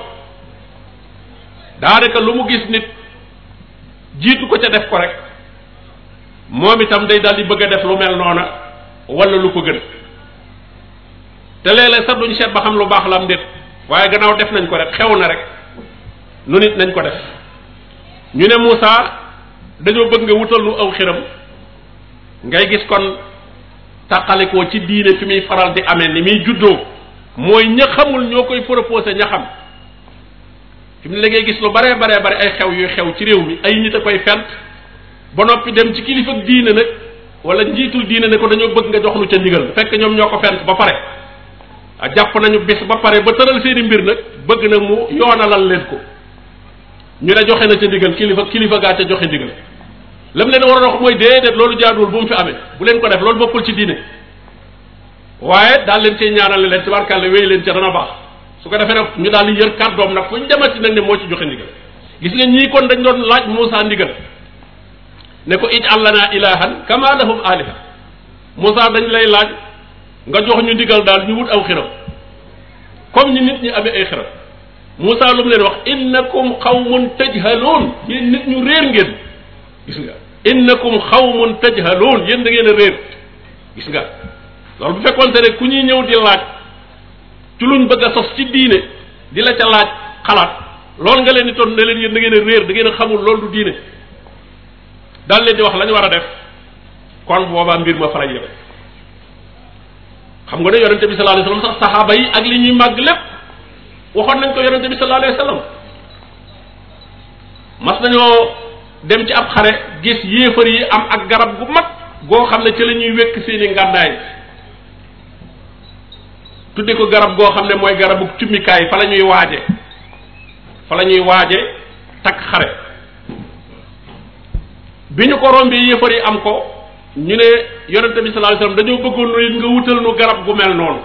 daanaka lu mu gis nit jiitu ko ca def ko rek moom itam day daal di bëgg a def lu mel noona walla lu ko gën te léeg-léeg sax duñ ba xam lu baax la am déet waaye gannaaw def nañ ko rek xew na rek nu nit nañ ko def ñu ne Moussa dañoo bëgg nga wutal nu aw xiram ngay gis kon tàqalikoo ci diine fi muy faral di amee ni muy juddoo mooy ña xamul ñoo koy proposé ñaxam fi mu ne ngay gis lu baree baree bare ay xew yuy xew ci réew mi ay nit a koy fent ba noppi dem ci kilifa diine nag wala njiitul diine ne ko dañoo bëgg nga jox nu ca ndigal fekk ñoom ñoo ko fent ba pare a jàpp nañu bis ba pare ba tëral seeni mbir nag bëgg na mu yoonalal leen ko ñu ne joxe na ci ndigal kilifa kilifa gaa ca joxe ndigal lam war waroon wax mooy déedéet loolu jaaduwul bu mu fi amee bu leen ko def loolu boppul ci diine waaye daal leen cee ñaanal leen ci barkàlla wéy leen ca baax su ko defee nag ñu daal di yër kàddoom nag fu ñu demati nag ne moo ci joxe ndigal gis nga ñii kon dañ doon laaj Moussa ndigal ne ko ij àllanaa ilahan kama lahum aliha Moussa dañ lay laaj nga jox ñu ndigal daal ñu wut aw xiram comme ñu nit ñi amee ay xiram Moussa lu mu leen wax innakum xawmun tajhaloon yéen nit ñu réer ngeen gis nga innakum xawmun tajhaloon yéen da ngeen a réer gis nga loolu bu fekkoonte ne ku ñuy ñëw di laaj ci luñ bëgg a sos ci diine di la ca laaj xalaat loolu nga leen di ton ne leen yéen da ngeen a réer da ngeen a xamul loolu du diine daal leen di wax lañu war a def kon boobaa mbir ma faral yëpp xam nga ne yonente bi sallallahu alayhi sax saxaaba yi ak li ñuy màgg lépp waxoon nañ ko yonente bi sallallahu alayhi mas nañoo dem ci ab xare gis yéefar yi am ak garab gu mag goo xam ne ci la ñuy wekk seeni ngàndaay tudde ko garab goo xam ne mooy garabu cummikaay fa la ñuy waaje fa la ñuy waaje takk xare bi ñu ko rombee yéefar yi am ko ñu ne yonente bi sallallahu alayhi wasallam dañoo bëggoon nu nga wutal nu garab gu mel noonu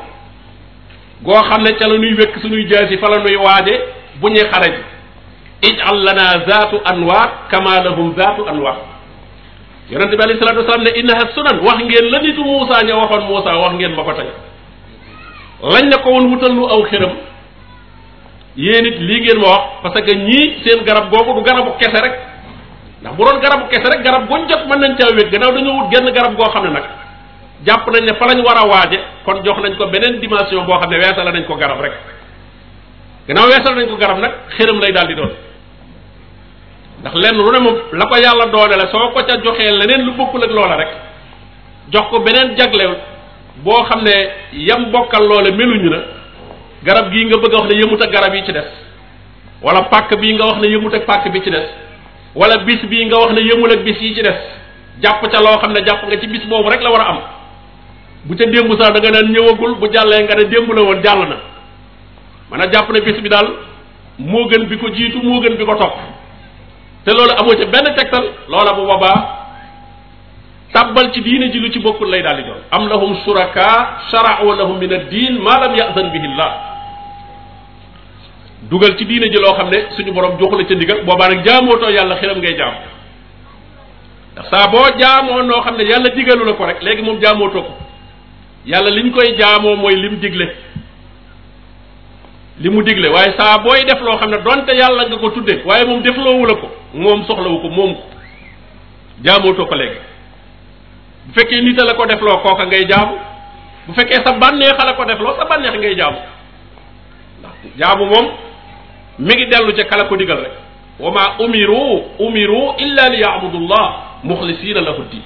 goo xam ne ca la nuy wékk suñuy jaasi fa la nuy waaje bu ñuy xare ji ij'al lana zaatu anwaar kama lahum zaatu anwaar yonente bi alayhi salatu wasallam ne innaha sunan wax ngeen la nitu Muusa ña waxoon Muusa wax ngeen ma ko tey lañ ne ko woon wutal nu aw xëram yéen it lii ngeen ma wax parce que ñii seen garab googu du garabu kese rek ndax bu doon garabu kese rek garab goñ jot mën nañ caa wéet gannaaw dañu wut genn garab goo xam ne nag jàpp nañ ne fa lañ war a waaje kon jox nañ ko beneen dimension boo xam ne weesala nañ ko garab rek gannaaw weesala nañ ko garab nag xëram lay daal di doon ndax lenn lu ne moom la ko yàlla doone la soo ko ca joxee leneen lu bokkul ak loola rek jox ko beneen jagleel boo xam ne yam bokkal loole meluñu na garab gii nga bëgg a wax na yëmut ak garab yi ci des wala pàkk bii nga wax ne yëmut ak pàkk bi ci des wala bis bii nga wax ne yëmul ak bis yi ci des jàpp ca loo xam ne jàpp nga ci bis boobu rek la war a am bu ca démb sax da nga naan ñëwagul bu jàllee nga ne démb la woon jàll na man a jàpp ne bis bi daal moo gën bi ko jiitu moo gën bi ko topp te loolu amoo ci benn tegtal loola bu boobaa tàbbal ci diine ji lu ci bokk lay daal di am am lahum shuraka shara'u lahum min ad-din ma lam ya'zan bihi Allah dugal ci diine ji loo xam ne suñu borom joxu la ca ndigal boobaa nag jaamootoo yàlla xelam ngay jaam ndax jaamoo noo xam ne yàlla digalu la ko rek léegi moom jaamootoo ko yàlla liñ koy jaamoo mooy li mu digle li mu digle waaye saa booy def loo xam ne donte yàlla nga ko tuddee waaye moom defloowu la ko moom soxlawu ko moom ko jaamootoo ko léegi bu fekkee nit a la ko defloo kooka ngay jaamu bu fekkee sa bànneex a la ko defloo sa bànneex ngay jaamu jaamu moom mi ngi dellu ca kala ko digal rek wa ma umiru umiru illa li yaabudullah muxlisina lahu din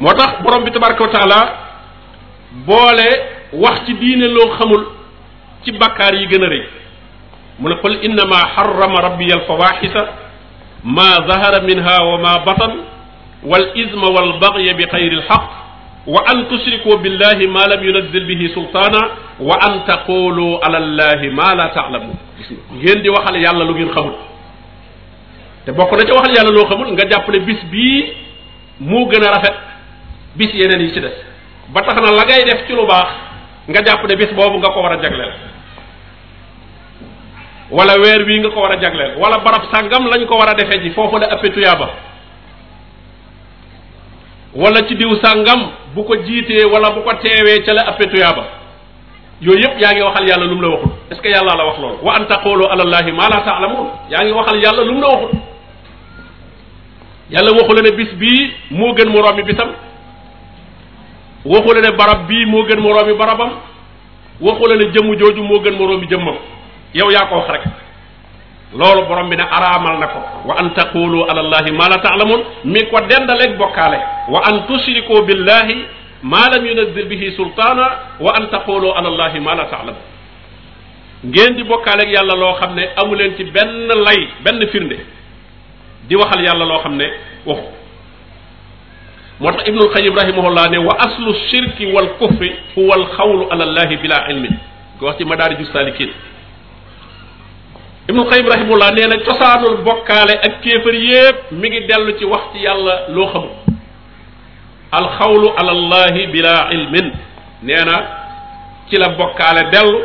moo tax borom bi tabaraka wa taala boole wax ci diine loo xamul ci bakkaar yi gën a rëy mu ne qul innama harrama rabbiya alfawaxisa ma zahara minha wa ma batan wa isma wal baxya bi xayri lxaq wa an tushriku billahi ma lam yunazil bihi sultaana wa an taqulu ala allahi ma la taalamun ngeen di waxal yàlla lu ngeen xamul te bokk na ca waxal yàlla loo xamul nga jàppale bis bi moo gën a rafet bis yeneen yi ci ba tax na la ngay def ci lu baax nga jàpp ne bis boobu nga ko war a jagleel wala weer wii nga ko war a jagleel wala barab sàngam lañ ko war a defee ji foofu la ëppe tuyaaba wala ci diw sàngam bu ko jiitee wala bu ko teewee ca la ëppe tuyaaba yooyu yëpp yaa ngi waxal yàlla lum la waxul est-ce yàlla la wax loolu wa an taqulu ala allahi ma yaa ngi waxal yàlla lu mu la waxul yàlla waxu la ne bis bii moo gën moroomi bisam waxu la ne barab bii moo gën moroomi barabam waxu la ne jëm jooju moo gën moroomi jëmmam yow yaa ko wax rek loolu borom bi ne araamal na ko wa an taqulu ala allahi ma la taalamun mi ko dendaleeg bokkaale wa an tushriku billahi ma lam yunazil bihi sultaana wa an taqulu ala allahi ma la taalamun ngeen di bokkaaleeg yàlla loo xam ne amu leen ci benn lay benn firnde di waxal yàlla loo xam ne waxu moo tax ibnul qayim rahimahullah ne wa aslu shirki wal kufri huwa al xawlu ala allahi bila ilmin ko wax ci madaariju saalikin ibnu qayyim rahimullah nee na cosaanul bokkaale ak kéefër yépp mi ngi dellu ci wax yàlla loo xamul alxawlu ala allahi bila ilmin nee na ci la bokkaale dellu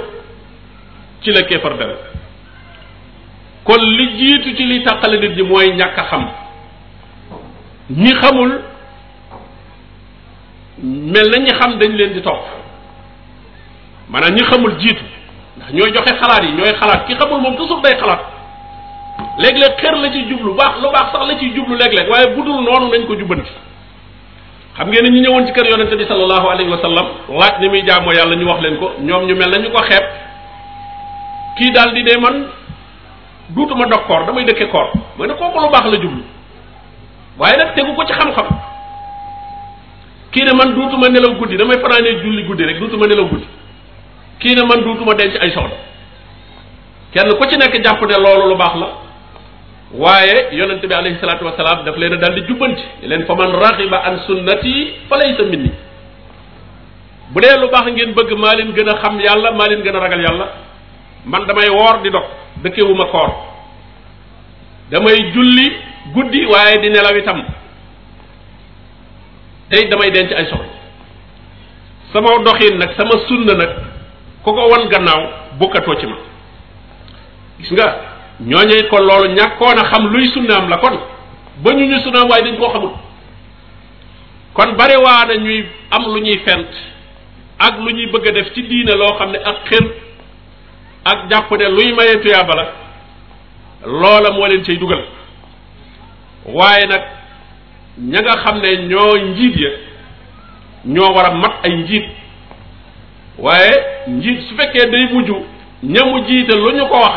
ci la kéefër dellu kon li jiitu ci li tàqale nit ñi mooy ñàkk a xam ñi xamul mel na ñi xam dañ leen di topp maanaam ñi xamul jiitu ndax ñooy joxe xalaat yi ñooy xalaat ki xamul moom toujours day xalaat léeg-léeg xër la jub lu baax lu baax sax la ciy jublu léeg-léeg waaye bu dul noonu nañ ko jubbanti xam ngeen ñu ñëwoon ci kër yonente bi sallallahu alayhi wa sallam laaj ni muy jaamoo yàlla ñu wax leen ko ñoom ñu mel na ñu ko xeeb kii daal di ne man duutuma dog koor damay dëkke koor mooy ne kooku lu baax la jublu waaye nag tegu ko ci xam-xam kii ne man duutuma nelaw guddi damay fanaanee julli guddi rek duutuma nelaw guddi kii ne man duutuma denc ay soxna kenn ku ci nekk jàpp ne loolu lu baax la waaye yonente bi alayhi salaatu wasalaam daf leen a daal di jubbanti leen fa man raxiba an sunnati fa laysa minni bu dee lu baax ngeen bëgg maa leen gën a xam yàlla maa leen gën a ragal yàlla man damay woor di dog dëkkewuma koor damay julli guddi waaye di nelaw itam tey damay denc ay soxna sama doxin nag sama sunna nag ku ko wan gannaaw bokkatoo ci ma gis nga ñooñee ko loolu ñàkkoon a xam luy sunnaam la kon ba ñu ñu sunnaam waaye dañ koo xamul kon bari waa na ñuy am lu ñuy fent ak lu ñuy bëgg a def ci diine loo xam ne ak xër ak jàpp ne luy maye tuyaaba loola moo leen cay dugal waaye nag ña nga xam ne ñoo njiit ya ñoo war a mat ay njiit waaye nji su fekkee day mujj ña mu jiite lu ñu ko wax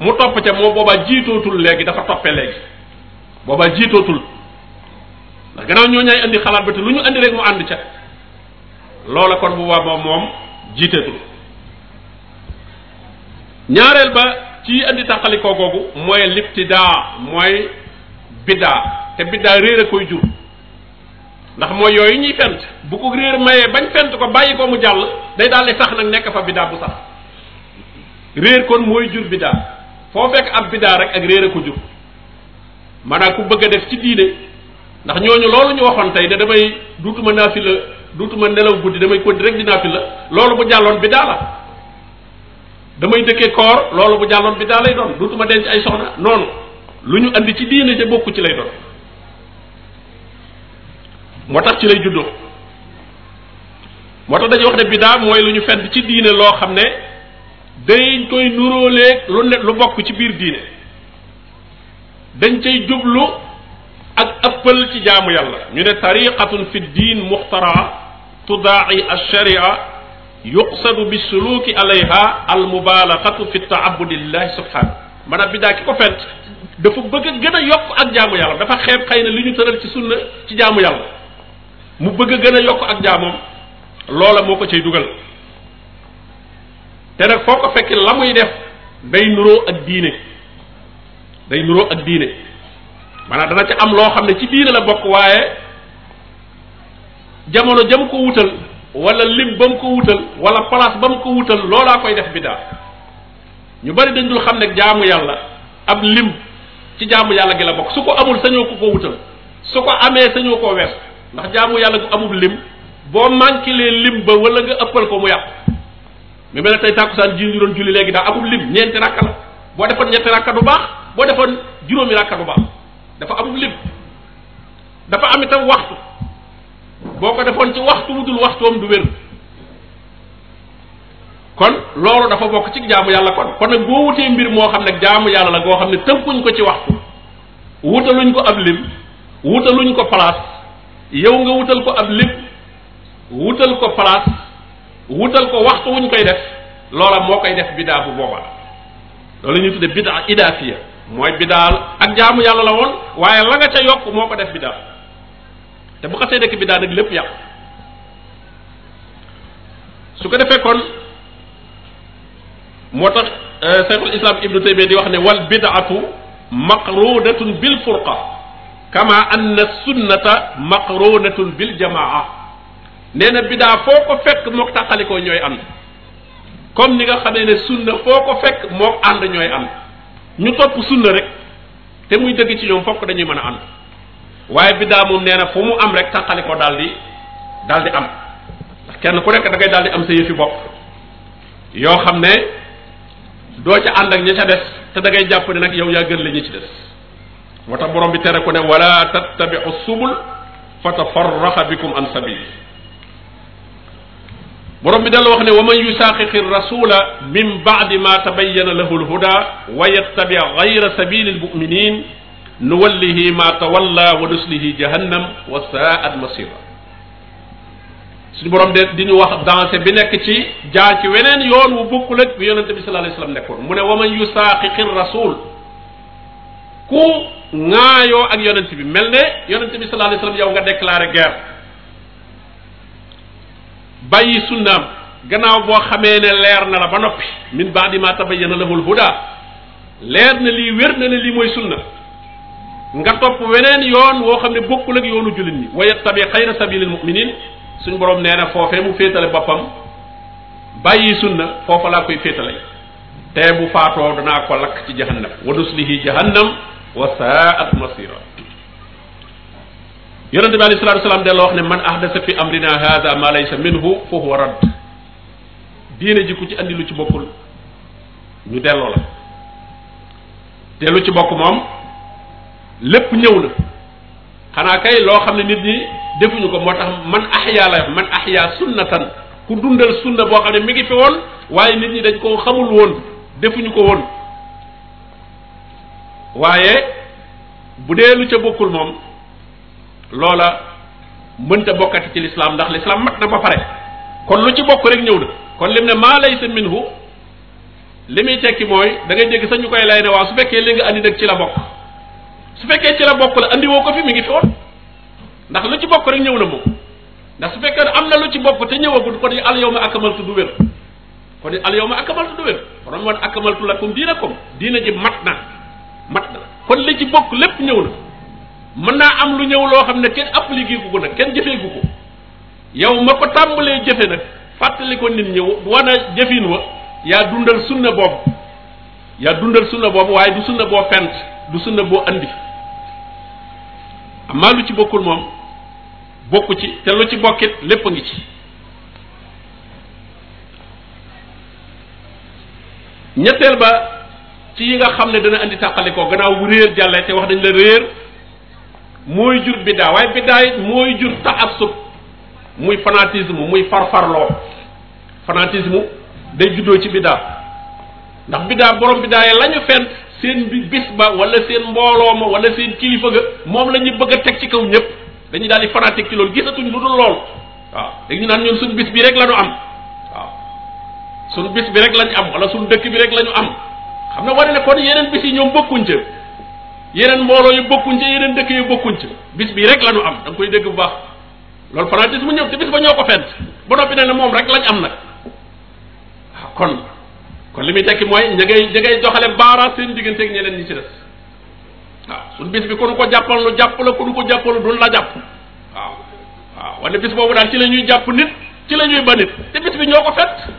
mu topp ca moom boobaa jiitootul léegi dafa toppe léegi boobaa jiitootul ndax gannaaw ñoo ñaay indi xalaat ba te lu ñu indi rek mu ànd ca loola kon bu boobaa moom jiiteetul ñaareel ba ci indi tàqalikoo googu mooy liptidaa mooy biddaa te biddaa réer a koy jur ndax mooy yooyu ñuy fent bu ko réer mayee bañ fent ko bàyyi ko mu jàll day daal di sax nag nekk fa biddaa bu sax réer kon mooy jur biddaa foo fekk ab biddaa rek ak réer a ko jur maanaam ku bëgg a def ci diine ndax ñooñu loolu ñu waxoon tey de damay duutuma naafi la duutuma nelaw guddi damay konti rek di naafi la loolu bu jàlloon biddaa la damay dëkkee koor loolu bu jàlloon biddaa lay doon duutuma denc ay soxna noonu lu ñu indi ci diine ca bokku ci lay doon moo tax ci lay juddoo moo tax dañuy wax ne biddaa mooy lu ñu fent ci diine loo xam ne dañ koy nuróoleeg lu ne lu bokk ci biir diine dañ cay jublu ak ëppal ci jaamu yàlla ñu ne tariqatun fi diin muxtaraa tudaai alsharia yuqsadu bi suluki alayha almubalagatu fi taabudi lillahi subhanahu maanaam biddaa ki ko fent dafa bëgg gën a yokk ak jaamu yàlla dafa xeeb xëy na li ñu tëral ci sunna ci jaamu yàlla mu bëgg a gën a yokk ak jaamoom loola moo ko cay dugal te nag foo ko fekk la muy def day nuroo ak diine day nuroo ak diine maanaam dana ca am loo xam ne ci diine la bokk waaye jamono jam ko wutal wala lim ba mu ko wutal wala place ba mu ko wutal loolaa koy def biddaa ñu bari dañ dul xam ne jaamu yàlla ab lim ci jaamu yàlla gi la bokk su ko amul sañoo ko ko wutal su ko amee sañoo koo wees ndax jaamu yàlla gu amul lim boo manqué lee lim ba wala nga ëppal ko mu yàqu mu mel ne tey tàkkusaan ji ñu doon julli léegi daa amul lim ñeenti rakka la boo defoon ñetti rakka bu baax boo defoon juróomi rakka du baax dafa amul lim dafa am itam waxtu boo ko defoon ci waxtu wu dul waxtoom du wér kon loolu dafa bokk ci jaamu yàlla kon kon nag boo wutee mbir moo xam ne jaamu yàlla la goo xam ne tënkuñ ko ci waxtu wutaluñ ko ab lim wutaluñ ko place yow nga wutal ko ab lépp wutal ko place wutal ko waxtu wuñ koy def loola moo koy def bidaa bu boobaa loolu la ñuy tudde bidaa idaafiya mooy bidaa ak jaamu yàlla la woon waaye la nga ca yokk moo ko def bidaa te bu xasee nekk bidaa nag lépp yàq su ko defee kon moo tax euh, cheikhul islam ibnu taymiya di wax ne wal bidaatu maqrudatun bil furqa kama anna sunnata ronatul bil jamaa nee na bidaa foo ko fekk mook taxalikoo ñooy ànd comme ni nga xamee ne sunna foo ko fekk mook ànd ñooy ànd ñu topp sunna rek te muy dëgg ci ñoom fokk dañuy mën a ànd waaye biddaa moom nee na fu mu am rek tàqalikoo daal di daal di am ndax kenn ku nekk da ngay daal di am sa yëfi bopp yoo xam ne doo ca ànd ak ña ca des te da ngay jàpp ne nag yow yaa gën la ñu ci des moo tax borom bi tere ko ne wala tattabiu subul fa tafarraxa bikum an sabili borom bi dala wax ne wa man yusaqiqi rasula min ba'di ma tabayyana lahu lhuda wa yattabi gayra sabili lmuminin nuwallihi ma tawalla wa nuslihi jahannam wa saat masira suñu borom de di ñu wax dansé bi nekk ci jaar ci weneen yoon wu bokkul ak bi yonente bi sallallahu alayhi wasallam nekkoon mu ne wa man yusaqiqi rasul ku ŋaayoo ak yonent bi mel ne yonent bi sallallahu alayhi wasallam yow nga déclaré guerre bàyyi sunnaam gannaaw boo xamee ne leer na la ba noppi min di ma tabayyana lahul huda leer na lii wér na ne lii mooy sunna nga topp weneen yoon woo xam ne bokkul ak yoonu jullit ñi wa yattabi xayra sabilil mu'minin suñ borom nee na foofee mu féetale boppam bàyyi sunna foofa laa koy féetale te bu faatoo danaa ko lakk ci jahannam wa nuslihi jahannam wa saat masira yonente bi alayhi salatu wasalaam delloo wax ne man ahdasa fi amrina hada ma laysa minhu fa huwa radd diine ji ku ci indi lu ci bokkul ñu delloo la te lu ci bokk moom lépp ñëw na xanaa kay loo xam ne nit ñi defuñu ko moo tax man ahya la man ahya sunnatan ku dundal sunna boo xam ne mu ngi fi woon waaye nit ñi dañ koo xamul woon defuñu ko woon waaye bu dee lu ca bokkul moom loola mënta bokkati ci lislaam ndax lislaam mat na ba pare kon lu ci bokk rek ñëw na kon lim ne maa laysa minhu li muy tekki mooy da ngay dégg sax ñu koy lay ne waa su fekkee li nga andi nag ci la bokk su fekkee ci la bokk la indiwoo ko fi mu ngi fi woon ndax lu ci bokk rek ñëw na moom ndax su fekkee am na lu ci bokk te ñëwagul kon al yawma akmaltu du wér kon al yawma akmaltu du wér kon man akmaltu lakum diina ji mat na mat na kon li ci bokk lépp ñëw na mën naa am lu ñëw loo xam ne kenn appliqué gu ko nag kenn jëfee ko yow ma ko tàmbalee jëfe nag fàttali ko nit ñi wana jëfin wa yaa dundal sunna boobu yaa dundal sunna boobu waaye du sunna boo fent du sunna boo andi amaa lu ci bokkul moom bokku ci te lu ci bokkit lépp a ngi ci ñetteel ba ci yi nga xam ne dana indi tàqalikoo gannaaw bu réer jàllee te wax dañ la réer mooy jur biddaa waaye biddaa it mooy jur taasub muy fanatisme muy farfarloo fanatisme day juddoo ci biddaa ndax biddaa borom biddaa yi la ñu fenn seen bi bis ba wala seen mbooloo ma wala seen kilifa ga moom la ñu bëgg a teg ci kaw ñëpp dañuy daal di fanatique ci loolu gisatuñ lu dul lool waaw dañu naan ñun suñ bis bi rek la am waaw suñ bis bi rek lañu am wala suñ dëkk bi rek la am. xam na wane ne kon yeneen bis yi ñoom bokkuñ ca yeneen mbooloo yu bokkuñ ca yeneen dëkk yu bokkuñ ca bis bi rek la am da nga koy dégg bu baax loolu fanatisme mu ñëw te bis ba ñoo ko fent ba noppi ne moom rek lañ am nag kon kon li muy tekki mooy ña ngay ña joxale baaraas seen diggante ak ñeneen ñi ci des waaw suñ bi ku nu ko jàppal nu jàpp la ku nu ko jàppalu duñ la jàpp waaw waaw wane bis boobu daal ci la ñuy jàpp nit ci la ñuy ba nit te bis bi ñoo ko fent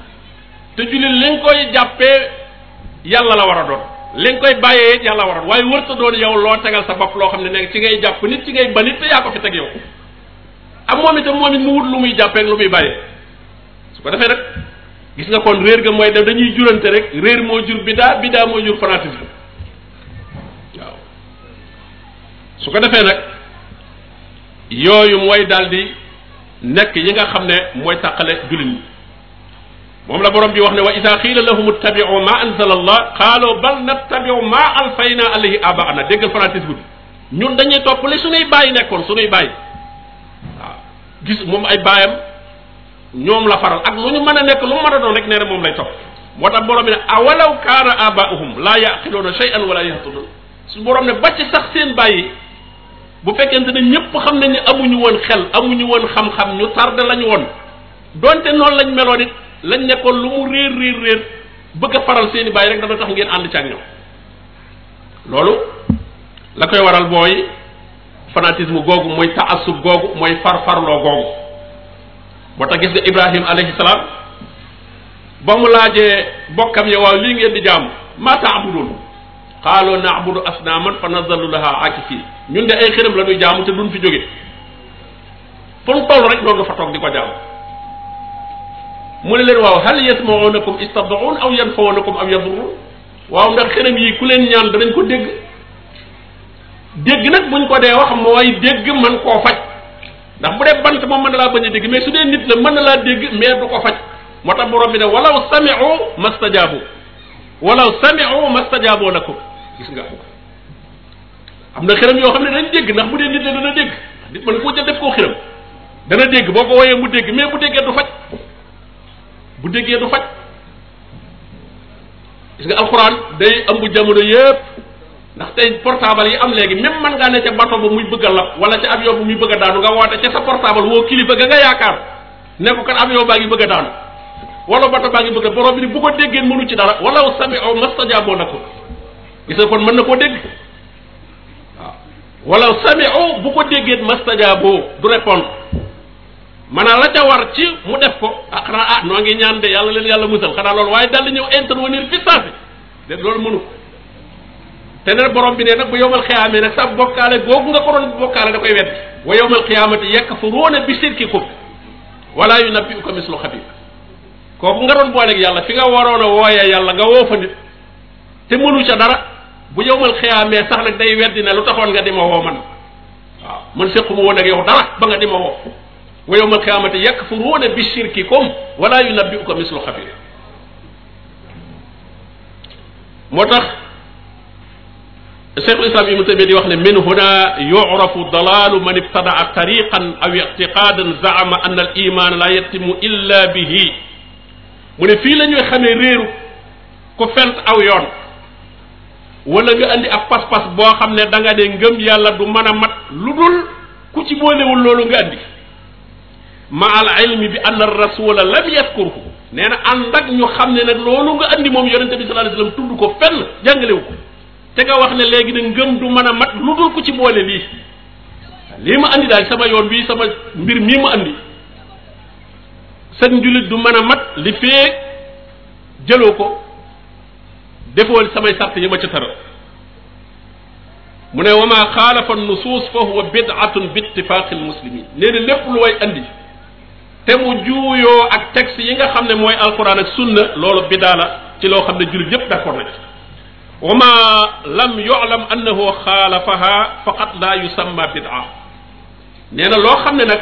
te jullit li nga koy jàppee yàlla la war a doon li koy bàyyee yàlla war a doon waaye wërta doon yow loo tegal sa bopp loo xam ne nekk ci ngay jàpp nit ci ngay ba nit te yaa ko fi teg yow ak moom itam moom it mu wut lu muy jàppee lu muy bàyyee su ko defee nag gis nga kon réer ga mooy def dañuy jurante rek réer moo jur bidaa bidaa moo jur fanatisme waaw su ko defee nag yooyu mooy daal di nekk yi nga xam ne mooy tàqale jullit ñi moom la borom bi wax ne wa isa xiila lahum ittabiu ma anzala allah qaalu bal nattabiu ma alfayna alayhi abaana déggal Francis guddi ñun dañuy topp li suñuy bàyyi nekkoon suñuy bàyyi waaw gis moom ay baayam ñoom la faral ak lu ñu mën a nekk lu mu mën a doon rek nee na moom lay topp moo tax borom bi ne awalaw kaana abaahum laa yaqiluuna wala yahtadun su borom ne ba ci sax seen bàyyi bu fekkente ne ñëpp xam nañ ni amuñu woon xel amuñu woon xam-xam ñu tardé lañu woon donte noonu lañ meloon it lañ nekkoon lu mu réer réer réer bëgg a faral seeni bàyyi rek dana tax ngeen ànd ci ak ñoom loolu la koy waral mooy fanatisme googu mooy taasub googu mooy farfarloo googu moo tax gis nga Ibrahim alayhi salaam ba mu laajee bokkam ya waaw lii ngeen di jaamu maa taabudun xaaloo naabudu asnaaman fa nazalu laha akifi ñun de ay xërëm la ñuy jaamu te duñ fi jóge fu mu toll rek doon nga fa toog di ko jaamu mu ne leen waaw hal yasmaunakum istad'un aw yanfawnakum aw yadurrun waaw ndax xërëm yi ku leen ñaan danañ ko dégg dégg nag buñ ko dee wax mooy dégg man koo faj ndax bu dee bant moom mën na laa bañ a dégg mais su dee nit la mën na laa dégg mais du ko faj moo tax borom bi ne walaw sami'u mastajaabu walaw sami'u mastajaabu ko gis nga am na xërëm yoo xam ne dañ dégg ndax bu dee nit la dana dégg nit mën koo jël def koo xërëm dana dégg boo ko woyee mu dégg mais bu déggee du faj bu déggee du faj gis nga alxuraan day ëmb jamono yépp ndax tey portable yi am léegi même man ngaa ne ca bato ba muy bëgg la lap wala ca avion bu muy bëgg a daanu nga woote ca sa portable woo kilifa ga a yaakaar ne ko kat avion baa ngi bëgg a daanu wala bato baa ngi bëgg a borom bi ni bu ko déggeen mënu ci dara wala sami'u mastajaaboo na ko gis kon mën na koo dégg waaw wala sami'u bu ko déggeen mastajaaboo du répondre maanaam la ca war ci mu def ko ah xanaa ah, noo ngi ñaan de yàlla leen yàlla musal xanaa loolu waaye daal di ñëw intervenir fi saa de loolu mënu ko te ne borom bi ne nag bu yowmal xiyaamee nag sa bokkaale googu nga ko doon bokkaale da koy wedd wa yowmal xiyaamati yakfuruuna bi shirkikum wala yunabbi'uka mislu xabiir kooku nga doon booleeg yàlla fi nga waroon a wooyee yàlla nga woo fa nit te mënu ca dara bu yowmal xiyaamee sax nag day weddi ne lu taxoon nga di ma woo man waaw man séquma woon ak yow dara ba nga di ma wa yowma alqiyaamati yakfuruuna bi shirkikum wala yunabbiuka mislu xabir moo tax cheikhul islam ibnu taymiyya di wax ne min huna yurafu dalaalu man ibtadaa tariqan aw ictiqaadan zaama an al iman la yatimu illa bihi mu ne fii la ñuy xamee réeru ku fent aw yoon wala nga andi ab pas-pas boo xam ne da nga ne ngëm yàlla du mën a mat lu dul ku ci boolewul loolu nga andi ma al ilmi bi anna rasula lam yaskurhu nee na ànd ak ñu xam ne nag loolu nga andi moom yonente bi sallallahu alayhi wasallam tudd ko fenn jàngalewu ko te nga wax ne léegi nag ngëm du mën a mat lu dul ko ci boole lii lii ma andi daal sama yoon bii sama mbir mii ma andi sag njulit du mën a mat li fee jëloo ko defool samay sart yi ma ca tëral mu ne wa ma xaalafa nusuus fa huwa bidatun bi ittifaaqi almuslimin nee na lépp lu way andi te mu juuyoo ak texte yi nga xam ne mooy alquran ak sunna loolu bidaa la ci loo xam ne jullit yépp d'accord na ci wa ma lam yu'lam annahu xaalafaha faqad la yusamma bid'a nee na loo xam ne nag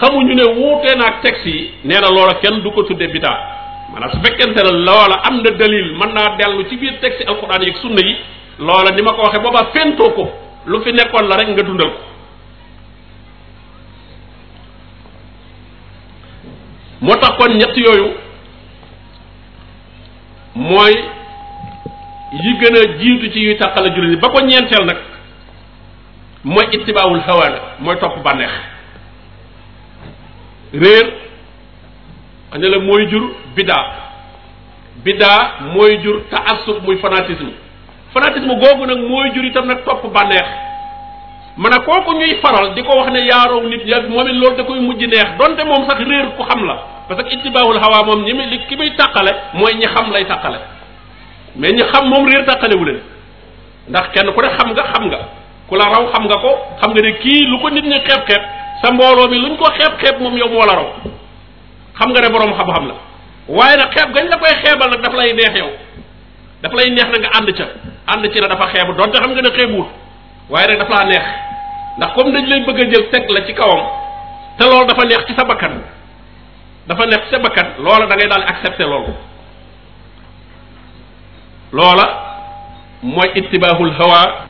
xamuñu ne wuutee naag texte yi nee na loola kenn du ko tudde bidaa maanaam su fekkente ne loola am na dalil mën naa dellu ci biir texte alquran yi ak sunna yi loola ni ma ko waxee booba féntoo ko lu fi nekkoon la rek nga dundal ko moo tax kon ñett yooyu mooy yi gën a jiitu ci yuy tàqale jullit yi ba ko ñeenteel nag mooy ittibaawul hawaana mooy topp bànneex réer ane la mooy jur bidaa bidaa mooy jur taasub muy fanatisme fanatisme googu nag mooy jur itam nag topp bànneex man a kooku ñuy faral di ko wax ne yaaroow nit ñi moom it loolu da koy mujj neex donte moom sax réer ku xam la parce que ittibaawul xawaa moom ñi muy li ki muy tàqale mooy ñi xam lay tàqale mais ñi xam moom réer tàqalewu leen ndax kenn ku ne xam nga xam nga ku la raw xam nga ko xam nga ne kii lu ko nit ñi xeeb-xeeb sa mbooloo mi lu luñ ko xeeb-xeeb moom yow moo la raw xam nga ne boroom xam-xam la waaye nag xeeb gañ la koy xeebal nag daf lay neex yow daf lay neex na nga ànd ca ànd ci na dafa xeebu donte xam nga ne xeebuwul waaye nag dafa laa neex ndax comme dañ lay bëgg a jël teg la ci kawam te loolu dafa neex ci sa bakkan dafa neex ci sa bakkan loola da ngay daal accepté loolu loola mooy ittibaaxul hawa